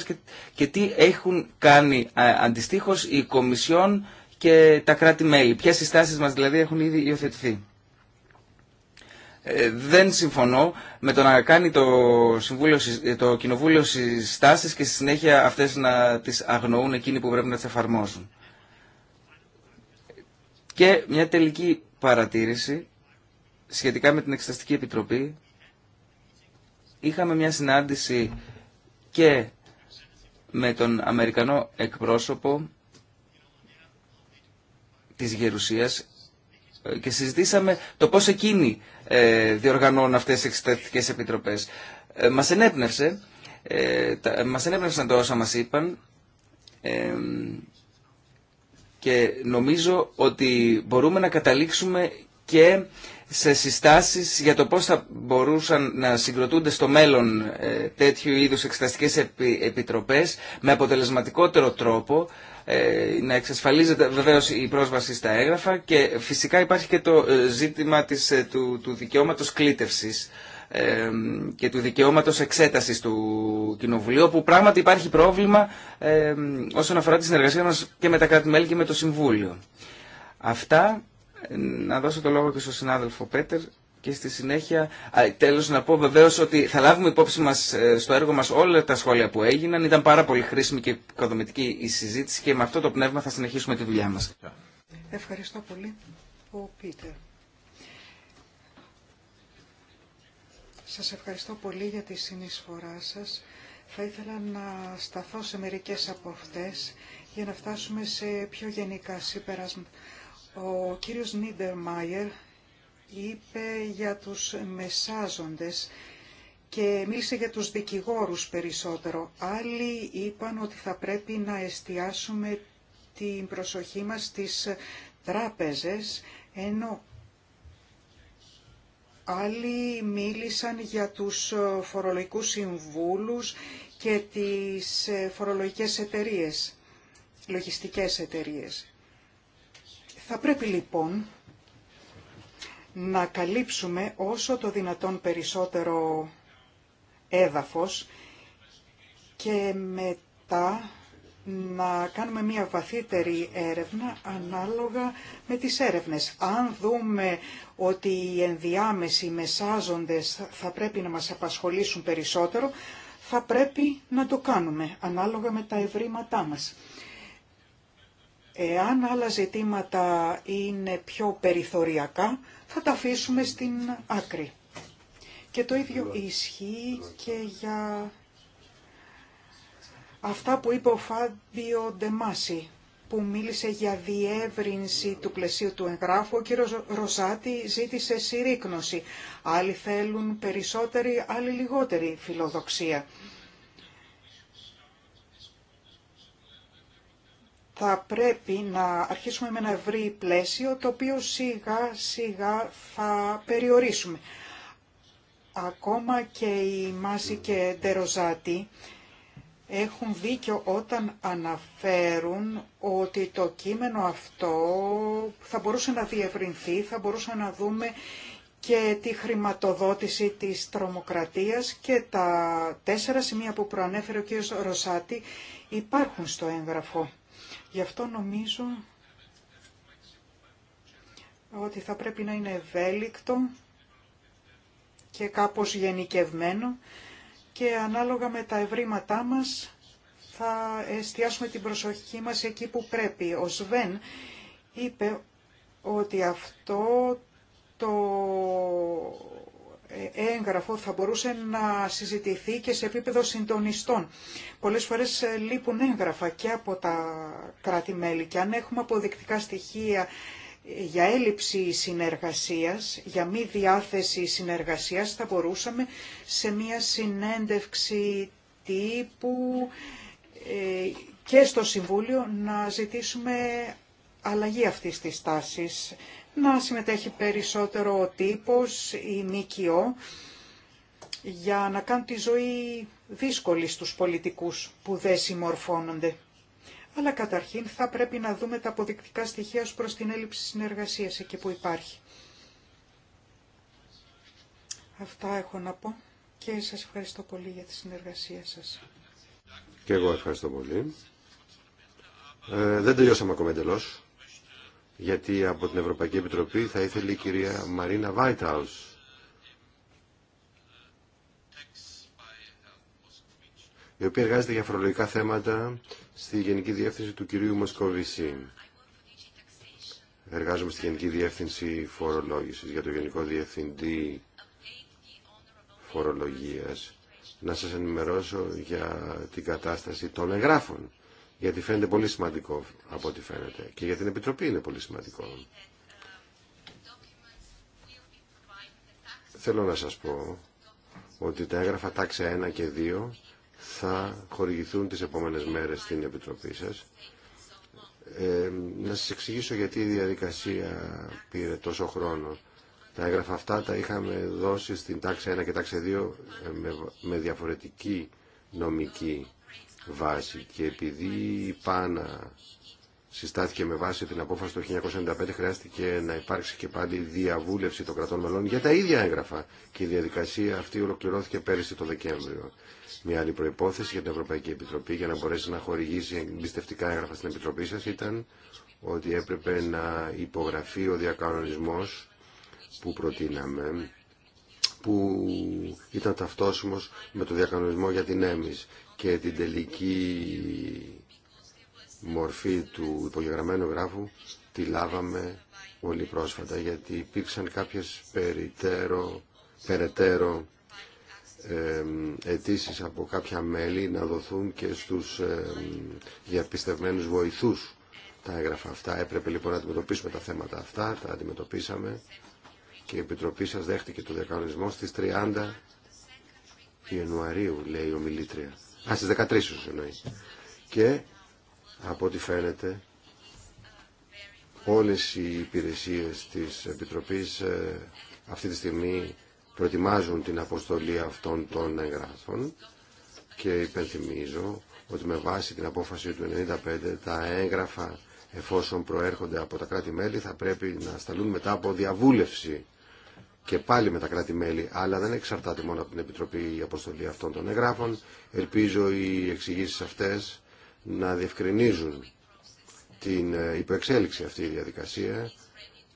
και, και τι έχουν κάνει ε, αντιστοίχως οι Κομισιόν και τα κράτη-μέλη. Ποιε συστάσεις μας δηλαδή έχουν ήδη υιοθετηθεί. Ε, δεν συμφωνώ με το να κάνει το, συμβούλιο, το κοινοβούλιο συστάσει και στη συνέχεια αυτές να τις αγνοούν εκείνοι που πρέπει να τι εφαρμόσουν. Και μια τελική παρατήρηση σχετικά με την Εξεταστική Επιτροπή. Είχαμε μια συνάντηση και με τον Αμερικανό εκπρόσωπο της Γερουσίας και συζητήσαμε το πώς εκείνοι ε, διοργανώνουν αυτές τις εξετατικές επιτροπές. Ε, μας ενέπνευσε, ε, μας ενέπνευσαν τα όσα μας είπαν και νομίζω ότι μπορούμε να καταλήξουμε και σε συστάσεις για το πώς θα μπορούσαν να συγκροτούνται στο μέλλον τέτοιου είδους εξεταστικές επιτροπές με αποτελεσματικότερο τρόπο ε, να εξασφαλίζεται βεβαίω η πρόσβαση στα έγγραφα και φυσικά υπάρχει και το ε, ζήτημα της, ε, του, του δικαιώματος κλήτευσης και του δικαιώματος εξέτασης του Κοινοβουλίου, που πράγματι υπάρχει πρόβλημα ε, όσον αφορά τη συνεργασία μας και με τα κράτη-μέλη και με το Συμβούλιο. Αυτά, να δώσω το λόγο και στον συνάδελφο Πέτερ και στη συνέχεια, τέλος να πω βεβαίως ότι θα λάβουμε υπόψη μας ε, στο έργο μας όλα τα σχόλια που έγιναν. Ήταν πάρα πολύ χρήσιμη και οικοδομητική η συζήτηση και με αυτό το πνεύμα θα συνεχίσουμε τη δουλειά μας. Ευχαριστώ πολύ. Ο Πίτερ. Σας ευχαριστώ πολύ για τη συνεισφορά σας. Θα ήθελα να σταθώ σε μερικές από αυτές για να φτάσουμε σε πιο γενικά συμπεράσματα. Ο κύριος Μάιερ, είπε για τους μεσάζοντες και μίλησε για τους δικηγόρους περισσότερο. Άλλοι είπαν ότι θα πρέπει να εστιάσουμε την προσοχή μας στις τράπεζες, ενώ άλλοι μίλησαν για τους φορολογικούς συμβούλους και τις φορολογικές εταιρείες, λογιστικές εταιρείες. Θα πρέπει λοιπόν να καλύψουμε όσο το δυνατόν περισσότερο έδαφος και μετά να κάνουμε μια βαθύτερη έρευνα ανάλογα με τις έρευνες. Αν δούμε ότι οι ενδιάμεσοι μεσάζοντες θα πρέπει να μας απασχολήσουν περισσότερο, θα πρέπει να το κάνουμε ανάλογα με τα ευρήματά μας. Εάν άλλα ζητήματα είναι πιο περιθωριακά, θα τα αφήσουμε στην άκρη. Και το ίδιο ισχύει και για αυτά που είπε ο Φάμπιο Ντεμάση που μίλησε για διεύρυνση του πλαισίου του εγγράφου, ο κύριος Ροζάτη ζήτησε συρρήκνωση. Άλλοι θέλουν περισσότερη, άλλοι λιγότερη φιλοδοξία. θα πρέπει να αρχίσουμε με ένα ευρύ πλαίσιο το οποίο σιγά σιγά θα περιορίσουμε. Ακόμα και οι Μάση και Ντεροζάτη έχουν δίκιο όταν αναφέρουν ότι το κείμενο αυτό θα μπορούσε να διευρυνθεί, θα μπορούσε να δούμε και τη χρηματοδότηση της τρομοκρατίας και τα τέσσερα σημεία που προανέφερε ο κ. Ρωσάτη υπάρχουν στο έγγραφο. Γι' αυτό νομίζω ότι θα πρέπει να είναι ευέλικτο και κάπως γενικευμένο και ανάλογα με τα ευρήματά μας θα εστιάσουμε την προσοχή μας εκεί που πρέπει. Ο Σβέν είπε ότι αυτό το έγγραφο θα μπορούσε να συζητηθεί και σε επίπεδο συντονιστών. Πολλές φορές ε, λείπουν έγγραφα και από τα κράτη-μέλη και αν έχουμε αποδεικτικά στοιχεία για έλλειψη συνεργασίας, για μη διάθεση συνεργασίας, θα μπορούσαμε σε μια συνέντευξη τύπου ε, και στο Συμβούλιο να ζητήσουμε αλλαγή αυτής της τάσης να συμμετέχει περισσότερο ο τύπος, η ΜΚΟ, για να κάνουν τη ζωή δύσκολη στους πολιτικούς που δεν συμμορφώνονται. Αλλά καταρχήν θα πρέπει να δούμε τα αποδεικτικά στοιχεία ως προς την έλλειψη συνεργασίας εκεί που υπάρχει. Αυτά έχω να πω και σας ευχαριστώ πολύ για τη συνεργασία σας. Και εγώ ευχαριστώ πολύ. Ε, δεν τελειώσαμε ακόμα εντελώς γιατί από την Ευρωπαϊκή Επιτροπή θα ήθελε η κυρία Μαρίνα Βάιταους η οποία εργάζεται για φορολογικά θέματα στη Γενική Διεύθυνση του κυρίου Μοσκοβισή. Εργάζομαι στη Γενική Διεύθυνση Φορολόγησης για το Γενικό Διευθυντή Φορολογίας. Να σας ενημερώσω για την κατάσταση των εγγράφων γιατί φαίνεται πολύ σημαντικό από ό,τι φαίνεται και για την Επιτροπή είναι πολύ σημαντικό. Θέλω να σας πω ότι τα έγγραφα τάξη 1 και 2 θα χορηγηθούν τις επόμενες μέρες στην Επιτροπή σας. Ε, να σας εξηγήσω γιατί η διαδικασία πήρε τόσο χρόνο. Τα έγγραφα αυτά τα είχαμε δώσει στην τάξη 1 και τάξη 2 ε, με, με διαφορετική νομική βάση και επειδή η ΠΑΝΑ συστάθηκε με βάση την απόφαση του 1995 χρειάστηκε να υπάρξει και πάλι διαβούλευση των κρατών μελών για τα ίδια έγγραφα και η διαδικασία αυτή ολοκληρώθηκε πέρυσι το Δεκέμβριο. Μια άλλη προϋπόθεση για την Ευρωπαϊκή Επιτροπή για να μπορέσει να χορηγήσει εμπιστευτικά έγγραφα στην Επιτροπή σας ήταν ότι έπρεπε να υπογραφεί ο διακανονισμός που προτείναμε που ήταν ταυτόσιμος με το διακανονισμό για την έμις και την τελική μορφή του υπογεγραμμένου γράφου τη λάβαμε πολύ πρόσφατα γιατί υπήρξαν κάποιες περιτέρω, περαιτέρω ε, αιτήσει από κάποια μέλη να δοθούν και στους ε, διαπιστευμένους βοηθούς τα έγγραφα αυτά. Έπρεπε λοιπόν να αντιμετωπίσουμε τα θέματα αυτά, τα αντιμετωπίσαμε και η Επιτροπή σας δέχτηκε το διακανονισμό στις 30 Ιανουαρίου, λέει η ομιλήτρια. Α, στις 13 εννοεί. Και από ό,τι φαίνεται όλες οι υπηρεσίες της Επιτροπής ε, αυτή τη στιγμή προετοιμάζουν την αποστολή αυτών των εγγράφων και υπενθυμίζω ότι με βάση την απόφαση του 1995 τα έγγραφα εφόσον προέρχονται από τα κράτη-μέλη θα πρέπει να σταλούν μετά από διαβούλευση και πάλι με τα κράτη-μέλη, αλλά δεν εξαρτάται μόνο από την Επιτροπή η αποστολή αυτών των εγγράφων. Ελπίζω οι εξηγήσει αυτές να διευκρινίζουν την ε, υποεξέλιξη αυτή η διαδικασία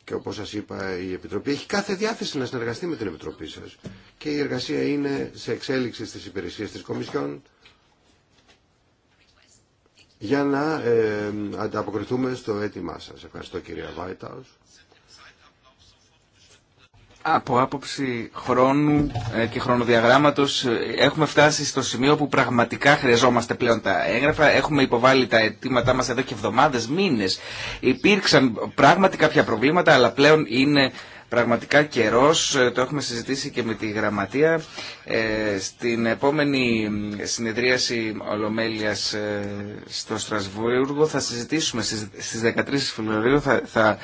και όπως σας είπα η Επιτροπή έχει κάθε διάθεση να συνεργαστεί με την Επιτροπή σας και η εργασία είναι σε εξέλιξη στις υπηρεσίες της Κομισιόν για να ε, ε ανταποκριθούμε στο αίτημά σας. Ευχαριστώ κυρία Βάιταους από άποψη χρόνου ε, και χρονοδιαγράμματος ε, έχουμε φτάσει στο σημείο που πραγματικά χρειαζόμαστε πλέον τα έγγραφα. Έχουμε υποβάλει τα αιτήματά μας εδώ και εβδομάδες, μήνες. Υπήρξαν πράγματι κάποια προβλήματα, αλλά πλέον είναι πραγματικά καιρό, ε, το έχουμε συζητήσει και με τη Γραμματεία. Ε, στην επόμενη συνεδρίαση Ολομέλειας ε, στο Στρασβούργο θα συζητήσουμε στις 13 Φεβρουαρίου θα, θα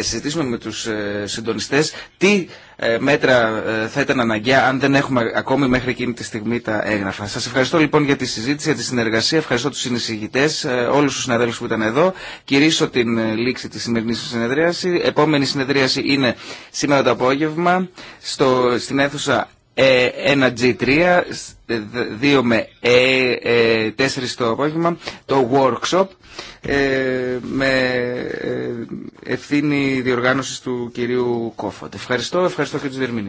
συζητήσουμε με τους συντονιστές τι ε, μέτρα ε, θα ήταν αναγκαία αν δεν έχουμε ακόμη μέχρι εκείνη τη στιγμή τα έγγραφα. Σας ευχαριστώ λοιπόν για τη συζήτηση, για τη συνεργασία, ευχαριστώ τους συνεισηγητές, ε, όλους τους συναδέλφους που ήταν εδώ. Κυρίσω την λήξη της σημερινής συνεδρίασης. Επόμενη συνεδρίαση είναι σήμερα το απόγευμα στο, στην αίθουσα ε, ένα G3, 2 με 4 ε, ε, το απόγευμα, το workshop με ευθύνη διοργάνωσης του κυρίου Κόφοντ. Ευχαριστώ, ευχαριστώ και τους Δερμήνη.